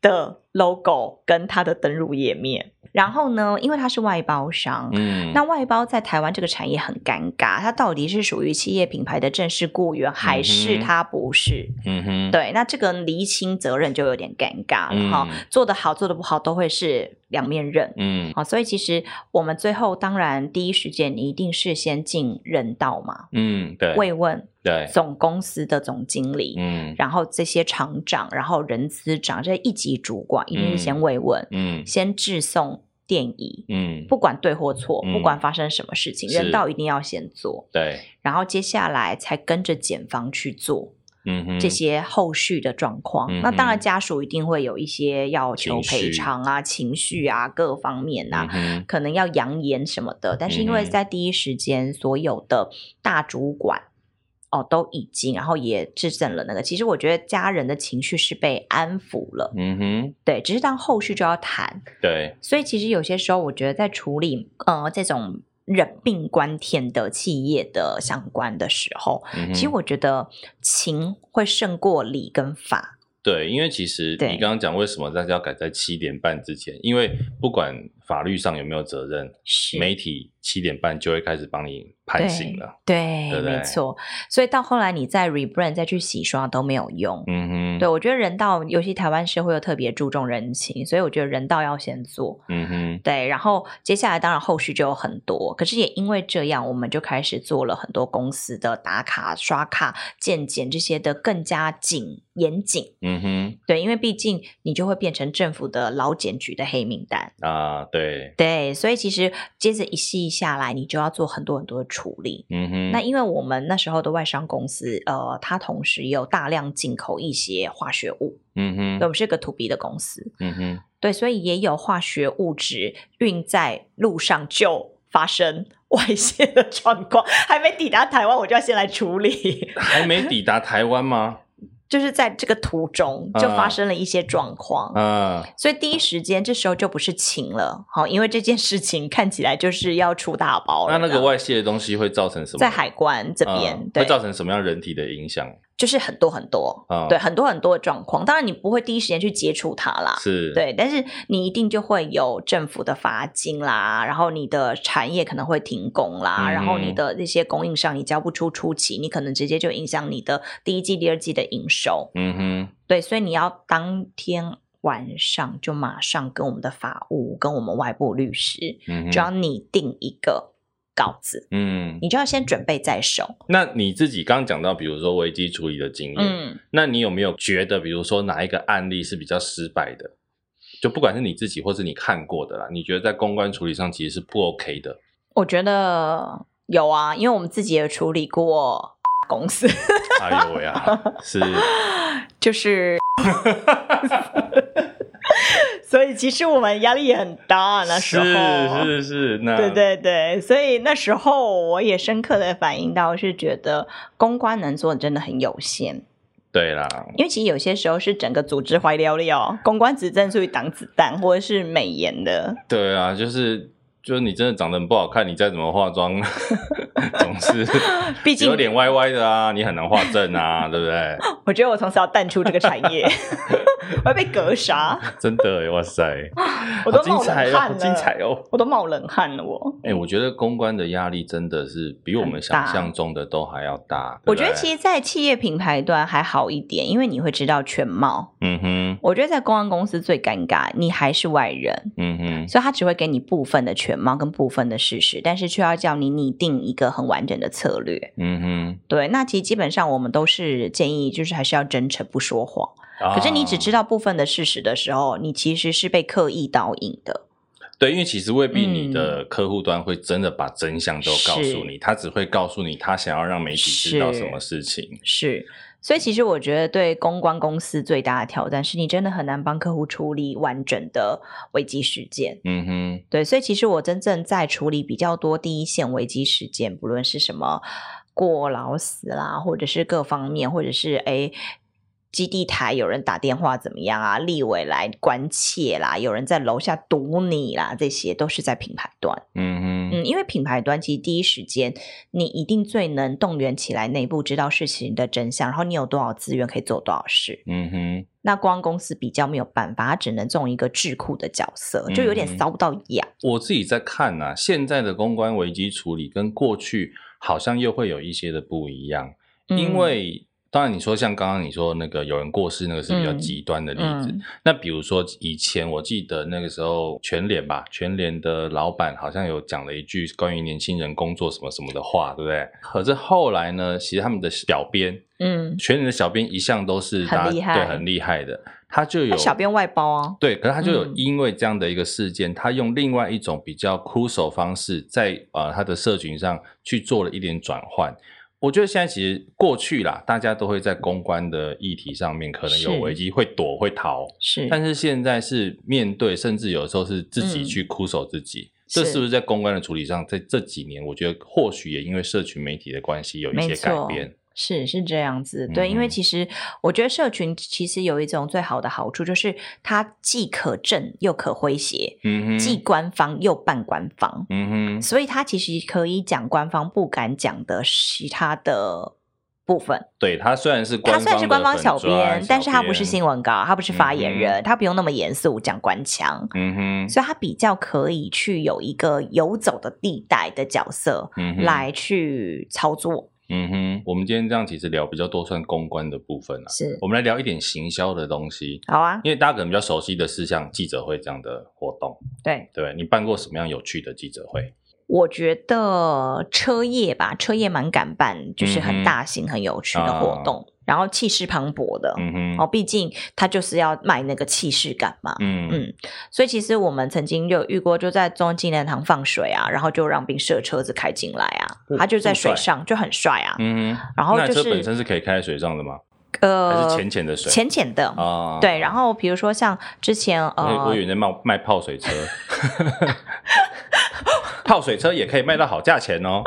的。logo 跟它的登入頁面，然後呢，因為它是外包商，嗯，那外包在台灣這個產業很尷尬，它到底是屬於企業品牌的正式僱員，還是他不是？嗯哼，對，那這個釐清責任就有點尷尬了哈，嗯、做得好，做得不好都會是兩面刃，嗯，好、哦，所以其實我們最後當然第一時間你一定是先進人道嘛，嗯，對，慰問，對，總公司的總經理，嗯對，然後這些廠長，然後人資長這一級主管。一定先慰問，嗯，先致送奠儀，嗯，不管對或錯，不管發生什麼事情，人道一定要先做，對，然後接下來才跟着檢方去做，嗯，這些後續的狀況，那當然家屬一定會有一些要求賠償啊、情緒啊各方面啊，可能要揚言什麼的，但是因為在第一時間，所有的大主管。哦，都已經，然後也制證了那個。其實我覺得家人的情緒是被安撫了。嗯哼，對，只是當後續就要談。對，所以其實有些時候，我覺得在處理呃這種人命關天的企業的相關的時候，嗯、哼其實我覺得情會勝過理跟法。對，因為其實你剛剛講為什麼大家要改在七點半之前，因為不管。法律上有沒有責任？是媒體七點半就會開始幫你判刑了。對，對，對對沒錯。所以到後來，你再 rebrand 再去洗刷都沒有用。嗯哼，對，我覺得人道，尤其台灣社會又特別注重人情，所以我覺得人道要先做。嗯哼，對。然後接下來當然後續就有很多，可是也因為這樣，我們就開始做了很多公司的打卡、刷卡、見檢這些的更加緊嚴謹。嗯哼，對，因為畢竟你就會變成政府的勞檢局的黑名單。啊，對。對,對，所以其實接着一系下來，你就要做很多很多的處理。嗯哼，那因為我們那時候的外商公司，呃，它同時有大量進口一些化學物。嗯哼，我們是個 To B 的公司。嗯哼對，所以也有化學物質運在路上就發生外泄的狀況，還沒抵達台灣，我就要先來處理。還沒抵達台灣嗎？ 就是在這個途中就發生了一些狀況，嗯，嗯所以第一時間這時候就不是情了，好，因為這件事情看起來就是要出大包。那那個外洩的東西會造成什麼？在海關這邊、嗯、對會造成什麼樣人體的影響？就是很多很多，Oh. 對，很多很多的狀況。當然你不會第一時間去接觸它啦，是對，但是你一定就會有政府的罰金啦，然後你的產業可能會停工啦，mm hmm. 然後你的那些供應商你交不出初期，你可能直接就影響你的第一季、第二季的營收。嗯哼、mm，hmm. 對，所以你要當天晚上就馬上跟我們的法務、跟我們外部律師，mm hmm. 就要擬定一個。嗯，你就要先準備在手。那你自己剛講到，比如說危機處理的經驗，嗯，那你有沒有覺得，比如說哪一個案例是比較失敗的？就不管是你自己，或是你看過的啦，你覺得在公關處理上其實是不 OK 的？我覺得有啊，因為我們自己也處理過、X、公司。 哎呦喂啊，是，就是。 所以其實我們壓力也很大，那時候是是是，是是那，對對對，所以那時候我也深刻的反映到，是覺得公關能做的真的很有限。對啦，因為其實有些時候是整個組織壞了的，公關只專出去擋子彈或者是美顏的。對啊，就是就是你真的長得很不好看，你再怎麼化妝。 總是，畢竟有點歪歪的啊，你很難畫正啊，對不對？我覺得我從此要淡出這個產業，我要被格殺。真的耶，哇塞！我都冒冷汗了，精彩，精彩哦！我都冒冷汗了我，哎，我覺得公關的壓力真的是比我們想象中的都還要大。我覺得其實，在企業品牌端還好一點，因為你會知道全貌。嗯哼，我覺得在公關公司最尷尬，你還是外人。嗯哼，所以他只會給你部分的全貌跟部分的事實，但是卻要叫你擬定一個。很完整的策略，嗯哼，對。那其實基本上我們都是建議，就是還是要真誠不說謊。啊、可是你只知道部分的事實的時候，你其實是被刻意導引的。對，因為其實未必你的客戶端會真的把真相都告訴你，嗯、他只會告訴你他想要讓媒體知道什麼事情是。是所以其實我覺得，對公關公司最大的挑戰是你真的很難幫客戶處理完整的危機事件。嗯哼，對。所以其實我真正在處理比較多第一線危機事件，不論是什麼過勞死啦，或者是各方面，或者是誒基地台有人打電話怎麼樣啊？立委來關切啦，有人在樓下堵你啦，這些都是在品牌端。嗯哼，嗯，因為品牌端其實第一時間，你一定最能動員起來內部知道事情的真相，然後你有多少資源可以做多少事。嗯哼，那公關公司比較沒有辦法，他只能做一個智庫的角色，就有點搔不到癢、嗯、我自己在看啊，現在的公關危機處理跟過去好像又會有一些的不一樣，嗯、因為。當然，你說像剛剛你說那個有人過世，那個是比較極端的例子。嗯嗯、那比如說以前，我記得那個時候全聯吧，全聯的老闆好像有講了一句關於年輕人工作什麼什麼的話，對不對？可是後來呢，其實他們的小編，嗯，全聯的小編一向都是很厲害對，很厲害的。他就有他小編外包啊，對。可是他就有因為這樣的一個事件，嗯、他用另外一種比較苦手方式在，在、呃、啊他的社群上去做了一點轉換。我覺得現在其實過去啦，大家都會在公關的議題上面可能有危機，是會躲，會逃。是，但是現在是面對，甚至有的時候是自己去箍守自己。嗯，這是不是在公關的處理上，是在這幾年，我覺得或許也因為社群媒體的關係有一些改變。是是這樣子，對，嗯哼，因為其實我覺得社群其實有一種最好的好處，就是它既可正又可詼諧，嗯哼，既官方又半官方，嗯哼，所以它其實可以講官方不敢講的其他的部分。對，它雖然是它算是官方小編，小編，但是他不是新聞稿，他不是發言人，他，嗯哼，不用那麼嚴肅講官腔，嗯哼，所以他比較可以去有一個游走的地帶的角色來去操作。嗯哼，我們今天這樣其實聊比較多算公關的部分了啊。是。我們來聊一點行銷的東西。好啊，因為大家可能比較熟悉的，是像記者會這樣的活動。對對，你辦過什麼樣有趣的記者會？我覺得車業吧，車業蠻敢辦，就是很大型、很有趣的活動。嗯然後氣勢磅礴的，哦，畢竟他就是要賣那個氣勢感嘛。嗯嗯，所以其實我們曾經有遇過，就在中央紀念堂放水啊，然後就讓賓士車子開進來啊，他就在水上就很帥啊。嗯，然後那車本身是可以開在水上的嗎？呃，淺淺的水，淺淺的哦。對，然後比如說像之前呃，美國有人在賣賣泡水車，泡水車也可以賣到好價錢哦。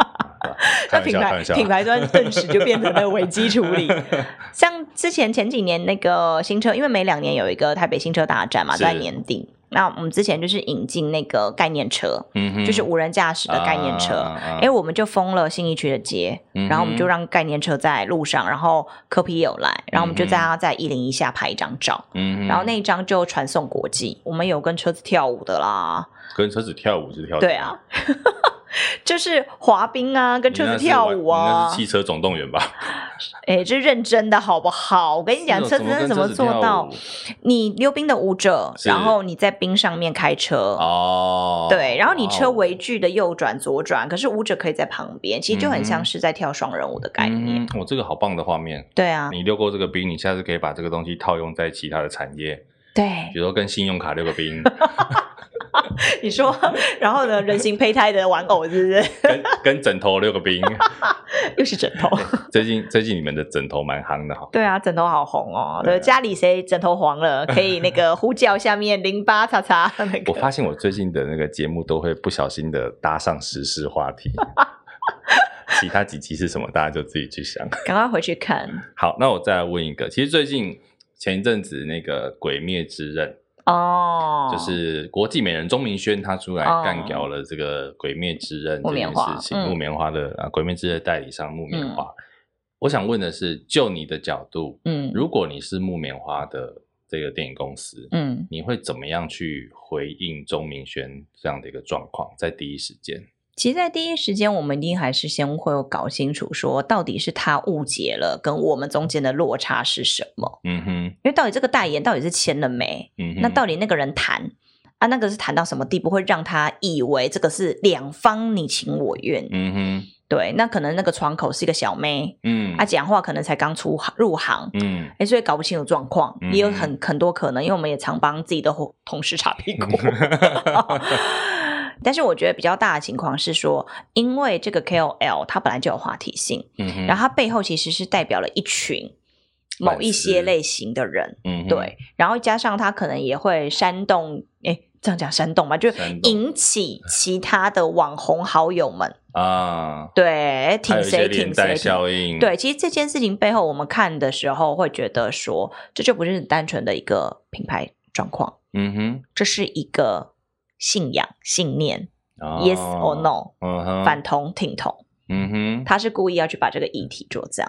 那品牌品牌端頓時就變成了危機處理， 像之前前幾年那個新車，因為每兩年有一個台北新車大展嘛，是在年底。那我們之前就是引進那個概念車，嗯、哼就是無人駕駛的概念車。哎、啊啊啊，因為我們就封了信義區的街，嗯、哼然後我們就讓概念車在路上，然後柯 P 有來，然後我們就在他在一零一下拍一張照，嗯、哼然後那一張就傳送國際。我們有跟車子跳舞的啦，跟車子跳舞是跳舞。對啊。 就是滑冰啊，跟車子跳舞啊，那是《汽車總動員》吧？哎，這認真的好不好？我跟你講，車子是怎麼，車子怎麼做到？你溜冰的舞者，是然後你在冰上面開車哦，對，然後你車圍距的右轉、左轉，哦、可是舞者可以在旁邊，其實就很像是在跳雙人舞的概念，嗯嗯。我這個好棒的畫面。對啊，你溜過這個冰，你下次可以把這個東西套用在其他的產業。對，比如說跟信用卡溜個冰。 你說，然後呢，人形胚胎的玩偶是不是？ 跟跟枕頭溜個冰？ 又是枕頭。最近最近你們的枕頭蠻夯的哈。對啊，枕頭好紅哦。啊、家裡誰枕頭黃了，可以那個呼叫下面零八叉叉那個。我發現我最近的那個節目都會不小心的搭上時事話題。 其他幾集是什麼？大家就自己去想，趕快回去看。好，那我再來問一個，其實最近。前一陣子那個《鬼滅之刃》哦，oh. 就是國際美人鍾明軒，他出來幹掉了這個《鬼滅之刃》這件事情。Oh. Oh. 木棉花的、嗯、啊，《鬼滅之刃》代理商木棉花。嗯、我想問的是，就你的角度，嗯，如果你是木棉花的這個電影公司，嗯，你會怎麼樣去回應鍾明軒這樣的一個狀況，在第一時間？其實，在第一時間，我們一定還是先會有搞清楚，說到底是他誤解了，跟我們中間的落差是什麼。嗯哼，因為到底這個代言到底是簽了沒？嗯，那到底那個人談啊，那個是談到什麼地步，會讓他以為這個是兩方你情我願？嗯哼，對，那可能那個窗口是一個小妹，嗯，啊，講話可能才剛出入行，嗯，哎，所以搞不清楚狀況，也有很很多可能，因為我們也常幫自己的同事擦屁股。 但是我覺得比較大的情況是說，因為這個 KOL 它本來就有話題性，嗯哼，然後它背後其實是代表了一群某一些類型的人，嗯，對，然後加上他可能也會煽動，哎，這樣講煽動嘛，就是引起其他的網紅好友們啊，對，挺誰挺誰效應，對，其實這件事情背後我們看的時候會覺得說，這就不是很單純的一個品牌狀況，嗯哼，這是一個。信仰、信念，oh，Yes or No？uh huh. 反同、挺同，mm hmm. 他是故意要去把這個議題做這樣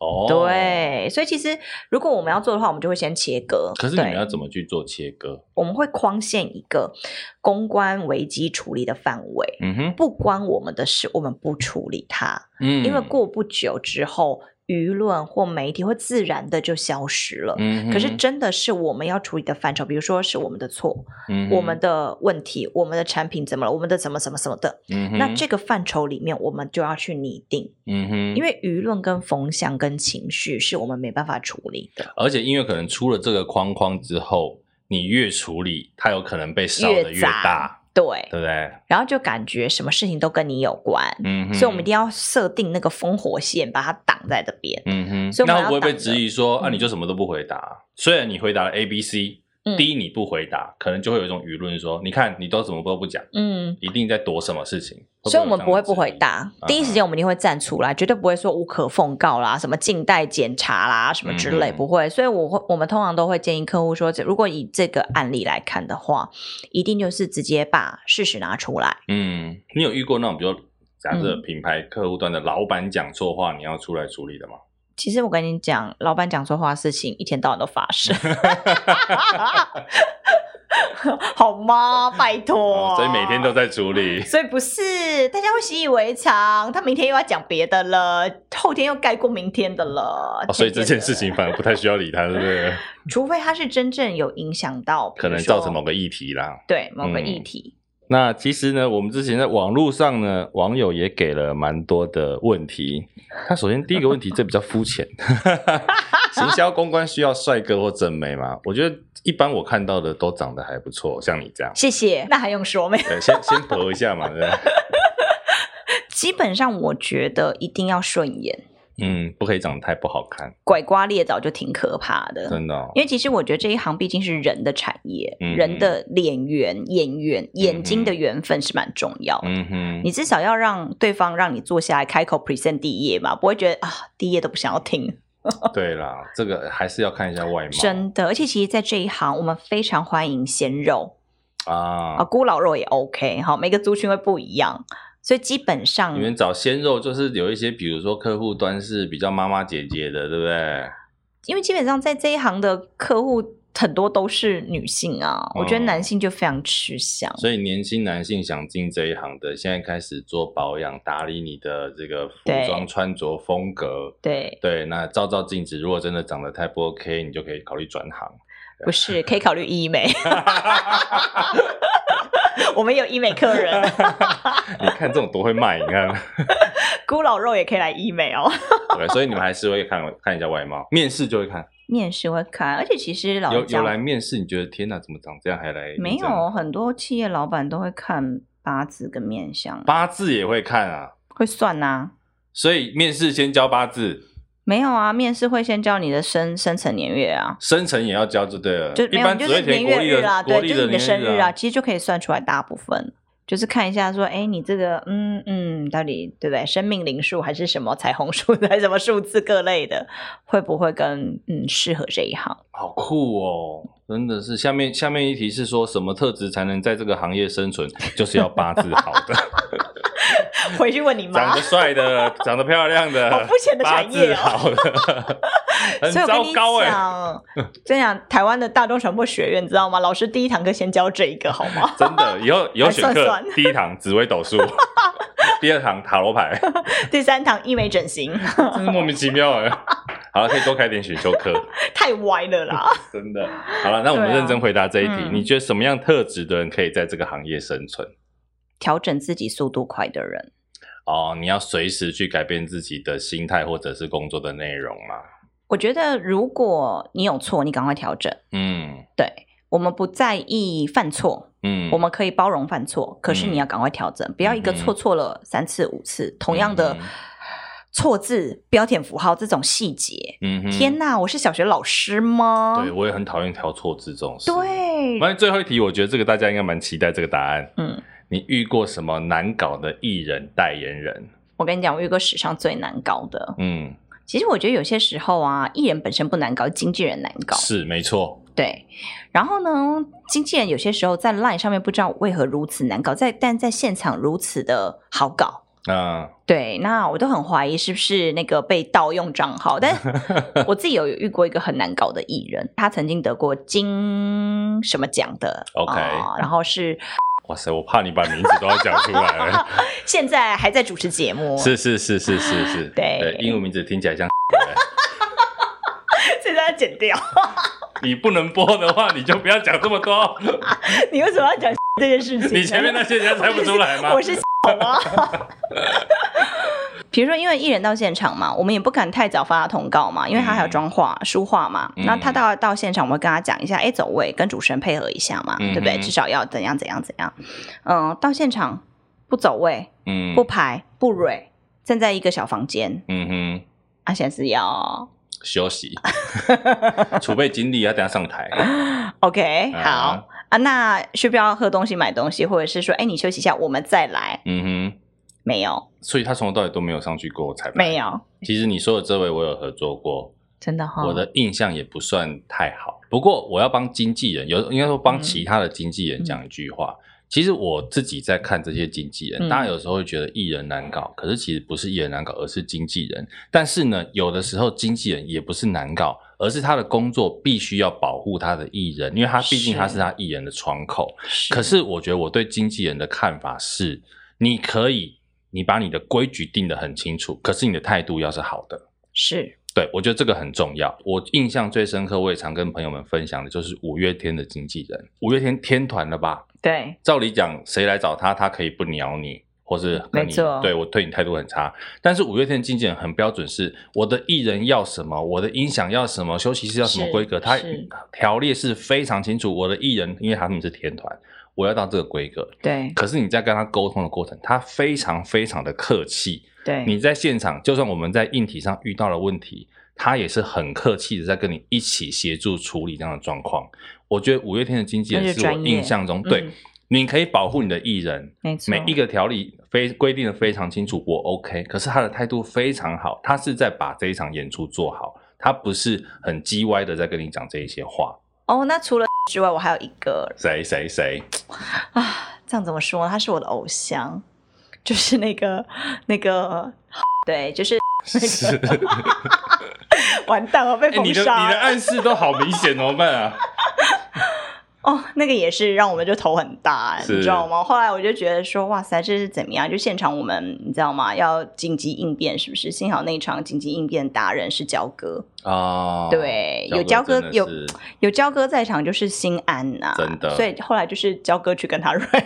，oh. 對，所以其實如果我們要做的話，我們就會先切割。可是你們對要怎麼去做切割？我們會框限一個公關危機處理的範圍，mm hmm. 不關我們的事，我們不處理它，嗯，因為過不久之後。輿論或媒體會自然的就消失了。嗯哼，可是真的是我們要處理的範疇，比如說是我們的錯，嗯哼，我們的問題，我們的產品怎麼了，我們的怎麼怎麼怎麼的。嗯哼，那這個範疇裡面，我們就要去擬定。嗯哼，因為輿論跟風向跟情緒是我們沒辦法處理的。而且，因為可能出了這個框框之後，你越處理，它有可能被燒得越大。對，對不對？然後就感覺什麼事情都跟你有關，嗯哼，所以我們一定要設定那個烽火線，把它擋在這邊。嗯哼，所以那會不會被質疑說，啊，你就什麼都不回答？雖然、嗯、你回答了 A、BC、B、C。第一，你不回答，嗯、可能就會有一種輿論說，你看你都什麼都不講，嗯，一定在躲什麼事情。會不會有這樣的質疑？所以，我們不會不回答，啊、第一時間我們一定會站出來，絕對不會說無可奉告啦，什麼靜待檢查啦，什麼之類，不會。嗯、所以我，我會我們通常都會建議客戶說，如果以這個案例來看的話，一定就是直接把事實拿出來。嗯，你有遇過那種，比如假設品牌客戶端的老闆講錯話，你要出來處理的嗎？其實我跟你講，老闆講錯話事情一天到晚都發生， 好嗎？拜託、啊哦，所以每天都在處理，嗯、所以不是大家會習以為常。他明天又要講別的了，後天又蓋過明天的了，哦、所以這件事情天天反而不太需要理他，是不是？除非他是真正有影響到，可能造成某個議題啦，對，某個議題。嗯那其實呢，我們之前在網絡上呢，網友也給了蠻多的問題。那首先第一個問題，這比較膚淺， 行銷公關需要帥哥或正妹嗎？我覺得一般我看到的都長得還不錯，像你這樣。謝謝，那還用說沒？先先投一下嘛，對對？ 基本上我覺得一定要順眼。嗯，不可以長得太不好看，拐瓜裂棗就挺可怕的，真的哦。因為其實我覺得這一行畢竟是人的產業，嗯嗯，人的臉緣、眼緣、嗯嗯，眼睛的緣分是蠻重要的。嗯嗯，你至少要讓對方讓你坐下來開口 present 第一頁嘛，不會覺得啊，第一頁都不想要聽。 對啦，這個還是要看一下外貌。真的，而且其實，在這一行，我們非常歡迎鮮肉啊，啊，孤老肉也 OK。好，每個族群會不一樣。所以基本上，你們找鮮肉就是有一些，比如說客戶端是比較媽媽姐姐的，對不對？因為基本上在這一行的客戶很多都是女性啊，嗯，我覺得男性就非常吃香。所以年輕男性想進這一行的，現在開始做保養、打理你的這個服裝穿着風格。對對，對，那照照鏡子，如果真的長得太不 OK，你就可以考慮轉行。不是，可以考慮醫美。 我們有醫美客人。 你看這種多會賣，你看，咕 老肉也可以來醫美哦。對，所以你們還是會看看一下外貌？面試就會看，面試會看，而且其實老有有來面試，你覺得天哪，怎麼長這樣還來？沒有，很多企業老板都會看八字跟面相啊，八字也會看啊，會算吶、啊。所以面試先教八字。沒有啊，面試會先教你的生生辰年月啊，生辰也要交，這對了，就一般就是年月日啊，月月對，就是你的生日啊，其實就可以算出來大部分，月月就是看一下說，哎，你這個嗯嗯，到底對不對，生命靈數還是什麼彩虹數，還是什麼數字各類的，會不會跟嗯適合這一行？好酷哦，真的是。下面下面一題是說什麼特質才能在這個行業生存，就是要八字好的。 回去問你媽。長得帥的，長得漂亮的，膚淺的產業，好了，很糟糕哎。這樣，台灣的大眾傳播學院，知道嗎？老師第一堂課先教這一個，好嗎？真的，以後以後選課，第一堂紫微斗數，第二堂塔羅牌，第三堂醫美整形，真是莫名其妙哎。好了，可以多開點選修課，太歪了啦。真的，好了，那我們認真回答這一題。你覺得什麼樣特質的人可以在這個行業生存？調整自己速度快的人哦，你要隨時去改變自己的心態或者是工作的內容嘛。我覺得如果你有錯，你趕快調整。嗯，對，我們不在意犯錯，嗯，我們可以包容犯錯，可是你要趕快調整，嗯、不要一個錯錯了三次五次、嗯、同樣的錯字、嗯、標點符號這種細節、嗯。嗯，嗯，天哪，我是小學老師嗎？對，我也很討厭挑錯字這種事。對，反正最後一題，我覺得這個大家應該蠻期待這個答案。嗯。你遇過什麼難搞的藝人代言人？我跟你講，我遇過史上最難搞的。嗯，其實我覺得有些時候啊，藝人本身不難搞，經紀人難搞。是沒錯。對。然後呢，經紀人有些時候在 LINE 上面不知道為何如此難搞，在但在現場如此的好搞。啊、嗯。對，那我都很懷疑是不是那個被盜用賬號。但我自己有遇過一個很難搞的藝人，他曾經得過金什麼獎的。OK、啊。然後是。哇塞！我怕你把名字都要講出來了。 現在還在主持節目？是是是是是是。 對，對，英文名字聽起來像、欸， 現在要剪掉。 你不能播的話， 你就不要講這麼多。 你為什麼要講這件事情？ 你前面那些人家猜不出來嗎？我是小王，比如說，因為藝人到現場嘛，我們也不敢太早發通告嘛，因為他還有妝化、書畫嘛。那，嗯、他到到現場，我們跟他講一下，哎，欸，走位，跟主持人配合一下嘛，嗯、哼對不對？至少要怎樣怎樣怎樣。嗯、呃，到現場不走位，不排、不蕊，站在一個小房間，嗯哼，他、啊、現在是要。休息，儲 備精力，要等下上台。OK，啊好啊，那需要不需要喝東西、買東西，或者是說，哎、欸，你休息一下，我們再來。嗯哼，沒有，所以他從頭到尾都沒有上去過舞台沒有，其實你說的這位我有合作過，真的哈。、哦，我的印象也不算太好。不過我要幫經紀人，有應該說幫其他的經紀人講一句話。嗯嗯其實我自己在看這些經紀人，嗯，大家有時候會覺得藝人難搞，可是其實不是藝人難搞，而是經紀人。但是呢，有的時候經紀人也不是難搞，而是他的工作必須要保護他的藝人，因為他畢竟他是他藝人的窗口。是。可是我覺得我對經紀人的看法是，你可以，你把你的規矩定得很清楚，可是你的態度要是好的。是。對，我覺得這個很重要。我印象最深刻，我也常跟朋友們分享的就是五月天的經紀人，五月天天團了吧？對，照理講，誰來找他，他可以不鳥你，或是沒錯，你對我對你態度很差。但是五月天的經紀人很標準是，是我的藝人要什麼，我的音響要什麼，休息室要什麼規格，是他條例是非常清楚。我的藝人，因為他們是天團，我要到這個規格。對，可是你在跟他溝通的過程，他非常非常的客氣。對你在現場，就算我們在硬體上遇到了問題，他也是很客氣的，在跟你一起協助處理這樣的狀況。我覺得五月天的經紀人是我印象中、嗯、對，你可以保護你的藝人，嗯、每一個條例非規定的非常清楚，我 OK。可是他的態度非常好，他是在把這一場演出做好，他不是很雞歪的在跟你講這一些話。哦，那除了你之外，我還有一個誰誰誰啊？這樣怎麼說呢？他是我的偶像。就是那個那個，對，就是，、那個、是 完蛋了，被殺，欸、你的你的暗示都好明顯，怎麼辦啊？哦， oh, 那個也是讓我們就頭很大，欸，是你知道嗎？後來我就覺得說，哇塞，這是怎麼樣？就現場我們你知道嗎？要緊急應變，是不是？幸好那一場緊急應變達人是佼哥啊，哦，對，有佼哥有佼哥有，有佼哥在場就是心安啊，真的。所以後來就是佼哥去跟他瑞。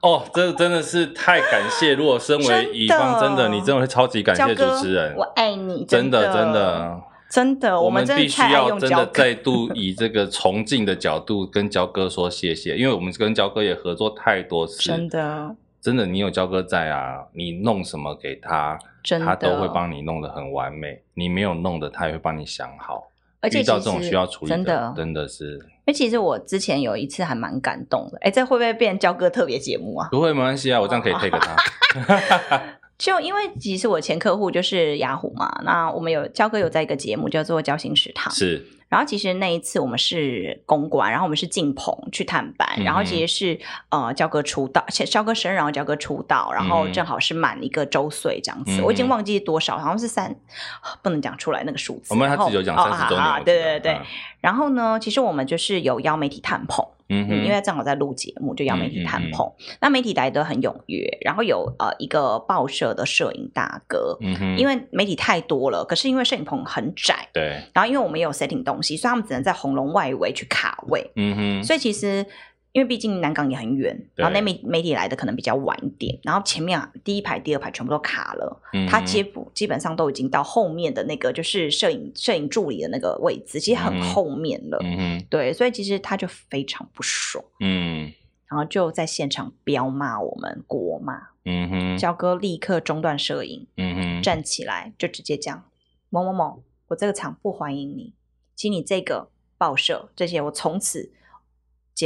哦，這真的是太感謝！如果身為乙方，真的你真的會超級感謝主持人，我愛你！真的真的真的，我們必須要真的再度以這個崇敬的角度跟佼哥說謝謝，因為我們跟佼哥也合作太多次，真的真的，你有佼哥在啊，你弄什麼給他，他都會幫你弄得很完美。你沒有弄的，他也會幫你想好。遇到這種需要處理的，真的是。哎，因為其實我之前有一次還蠻感動的。哎，這會不會變佼哥特別節目啊？不會，沒關係啊，我這樣可以推給他哈哈哈哈。就因為其實我前客戶就是雅虎嘛，那我們有佼哥有在一個節目叫做《佼心食堂》。是。然後其實那一次我們是公關，然後我們是進棚去探班，嗯、然後其實是呃佼哥出道，肖哥生日，然後佼哥出道，然後正好是滿一個周歲這樣子，嗯、我已經忘記多少，好像是三，不能講出來那個數字，嗯、後我們他自己有講三周年、哦、好好好對，對對對。啊、然後呢，其實我們就是有邀媒體探棚。Mm hmm. 嗯、因為正好在錄節目，就要媒體探棚，mm hmm. 那媒體來得很踴躍，然後有呃一個報社的攝影大哥，mm hmm. 因為媒體太多了，可是因為攝影棚很窄，對，然後因為我們也有 setting 東西，所以他們只能在紅龍外圍去卡位，嗯、mm hmm. 所以其實。因為畢竟南港也很遠，然後那媒，媒體來的可能比較晚一點，對然後前面第一排、第二排全部都卡了，嗯、哼他接基本上都已經到後面的那個就是攝影攝影助理的那個位置，其實很後面了。嗯、哼對，所以其實他就非常不爽，嗯、哼然後就在現場飆罵我們國罵，嗯哼，佼哥立刻中斷攝影，嗯哼，站起來就直接講某、嗯、哼某某，我這個場不歡迎你，請你這個報社這些我從此。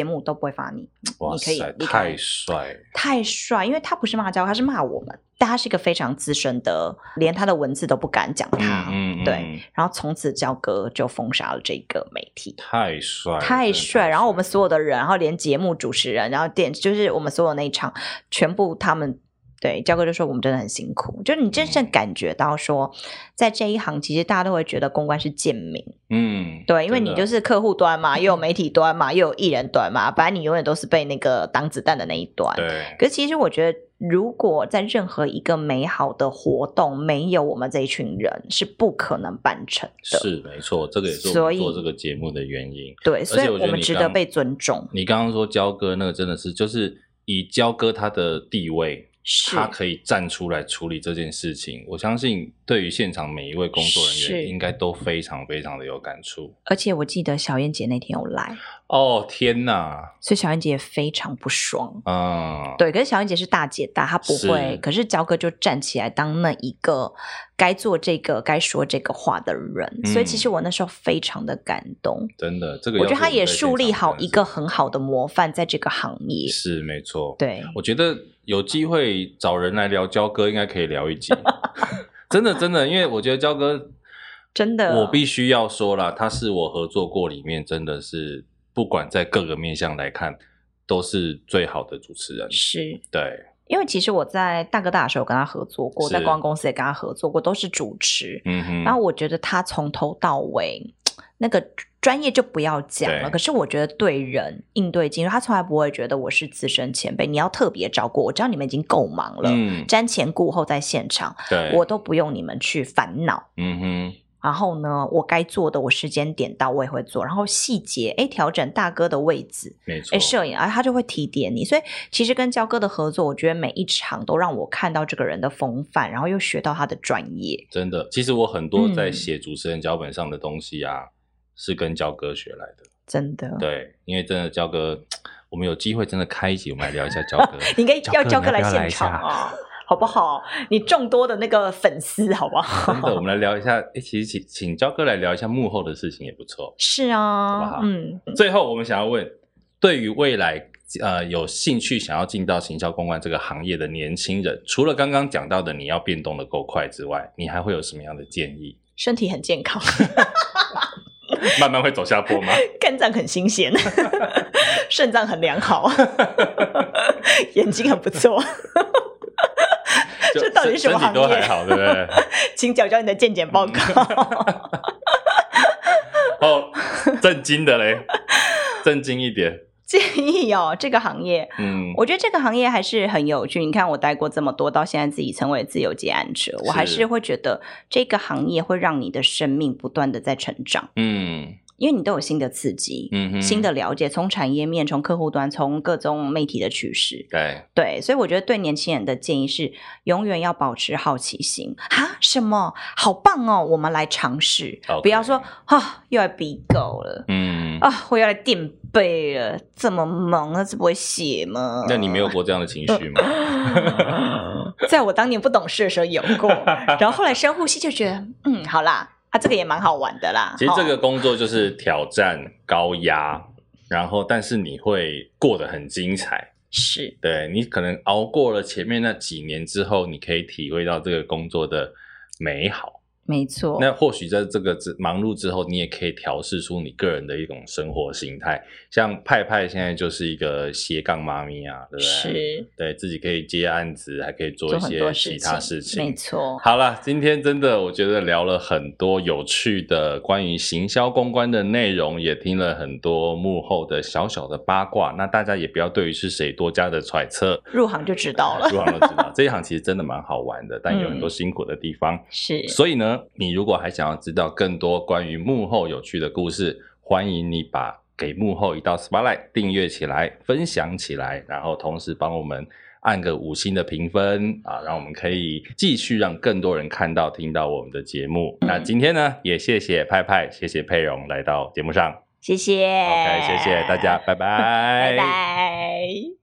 節目都不會發你，哇塞，你可以，你太帥，太帥，因為他不是罵佼，他是罵我們，但他是一個非常資深的，連他的文字都不敢講他，嗯嗯、對，嗯、然後從此佼哥就封殺了這個媒體，太帥，太帥，太帥，然後我們所有的人，然後連節目主持人，然後電就是我們所有那一場，全部他們。對，佼哥就說我們真的很辛苦，就是你真正感覺到說，在這一行，其實大家都會覺得公關是賤民，嗯，對，因為你就是客戶端嘛，嗯、又有媒體端嘛，嗯、又有藝人端嘛，反正你永遠都是被那個擋子彈的那一端。對，可是其實我覺得，如果在任何一個美好的活動，沒有我們這一群人，是不可能辦成的。是沒錯，這個也是我們做這個節目的原因。對，所以我們值得被尊重。你剛剛說佼哥那個真的是，就是以佼哥他的地位。他可以站出來處理這件事情，是我相信對於現場每一位工作人員應該都非常非常的有感觸。而且我記得小燕姐那天有來。哦天哪！所以小燕姐也非常不爽啊。嗯、對，可是小燕姐是大姐大，她不會。是可是佼哥就站起來當那一個該做這個、該說這個話的人。嗯、所以其實我那時候非常的感動。真的，這個我覺得她也樹立好一個很好的模範，在這個行業。是沒錯。對，我覺得有機會找人來聊佼哥，應該可以聊一集。 真的，真的，因為我覺得佼哥真的，我必須要說啦，他是我合作過裡面真的是。不管在各個面向來看，嗯、都是最好的主持人。是對，因為其實我在大哥大的時候跟他合作過，是在公關公司也跟他合作過，都是主持。嗯哼。然後我覺得他從頭到尾，那個專業就不要講了。對可是我覺得對人應對進退，他從來不會覺得我是資深前輩，你要特別照顧我。我知道你們已經夠忙了，嗯、瞻前顧後在現場，對我都不用你們去煩惱。嗯哼。然後呢，我該做的我時間點到我也會做，然後細節哎調整大哥的位置，沒錯，哎攝影啊，他就會提點你，所以其實跟佼哥的合作，我覺得每一場都讓我看到這個人的風範，然後又學到他的專業。真的，其實我很多在寫主持人腳本上的東西啊，嗯、是跟佼哥學來的。真的，對，因為真的佼哥，我們有機會真的開一集，我們來聊一下佼哥，可以 哥要佼哥來現場啊、哦。 好不好？你眾多的那個粉絲，好不好？真的，我們來聊一下，一、欸、起請請佼哥來聊一下幕後的事情也不錯。是啊，好不好嗯。最後，我們想要問，對於未來呃有興趣想要進到行銷公關這個行業的年輕人，除了剛剛講到的你要變動得夠快之外，你還會有什麼樣的建議？身體很健康， 慢慢會走下坡嗎？肝臟很新鮮，腎 臟很良好， 眼睛很不錯。 這到底什麼行業？請講講你的健檢報告。嗯、 哦，正經的嘞！正經一點建議哦，這個行業，嗯，我覺得這個行業還是很有趣。你看我待過這麼多，到現在自己成為自由接案者，我還是會覺得這個行業會讓你的生命不斷的在成長。嗯。因為你都有新的刺激，嗯哼新的了解，從產業面，從客戶端，從各種媒體的趨勢，對對，所以我覺得對年輕人的建議是，永遠要保持好奇心啊！什麼好棒哦，我們來嘗試，不要 Okay. 說啊，又來比狗了，嗯啊，我又來墊背了，這麼忙，那這不會寫嗎？那你沒有過這樣的情緒嗎？ 在我當年不懂事的時候有過， 然後後來深呼吸就覺得，嗯，好啦。啊，這個也蠻好玩的啦。其實這個工作就是挑戰高壓，哦、然後但是你會過得很精彩。是，對你可能熬過了前面那幾年之後，你可以體會到這個工作的美好。沒錯，那或許在這個忙碌之後，你也可以調試出你個人的一種生活形態。像派派現在就是一個斜槓媽咪啊，對不對？是，對自己可以接案子，還可以做一些其他事情。事情沒錯。好了，今天真的我覺得聊了很多有趣的關於行銷公關的內容，也聽了很多幕後的小小的八卦。那大家也不要對於是誰多加的揣測，入行就知道了。 入行就知道，這一行其實真的蠻好玩的，但有很多辛苦的地方。是、嗯，所以呢。你如果還想要知道更多關於幕後有趣的故事，歡迎你把給幕後一道 18Light 訂閱起來，分享起來，然後同時幫我們按個五星的評分啊，讓我們可以繼續讓更多人看到、聽到我們的節目。嗯、那今天呢，也謝謝派派，謝謝佩蓉來到節目上，謝謝，Okay, 謝謝大家，拜拜， 拜拜。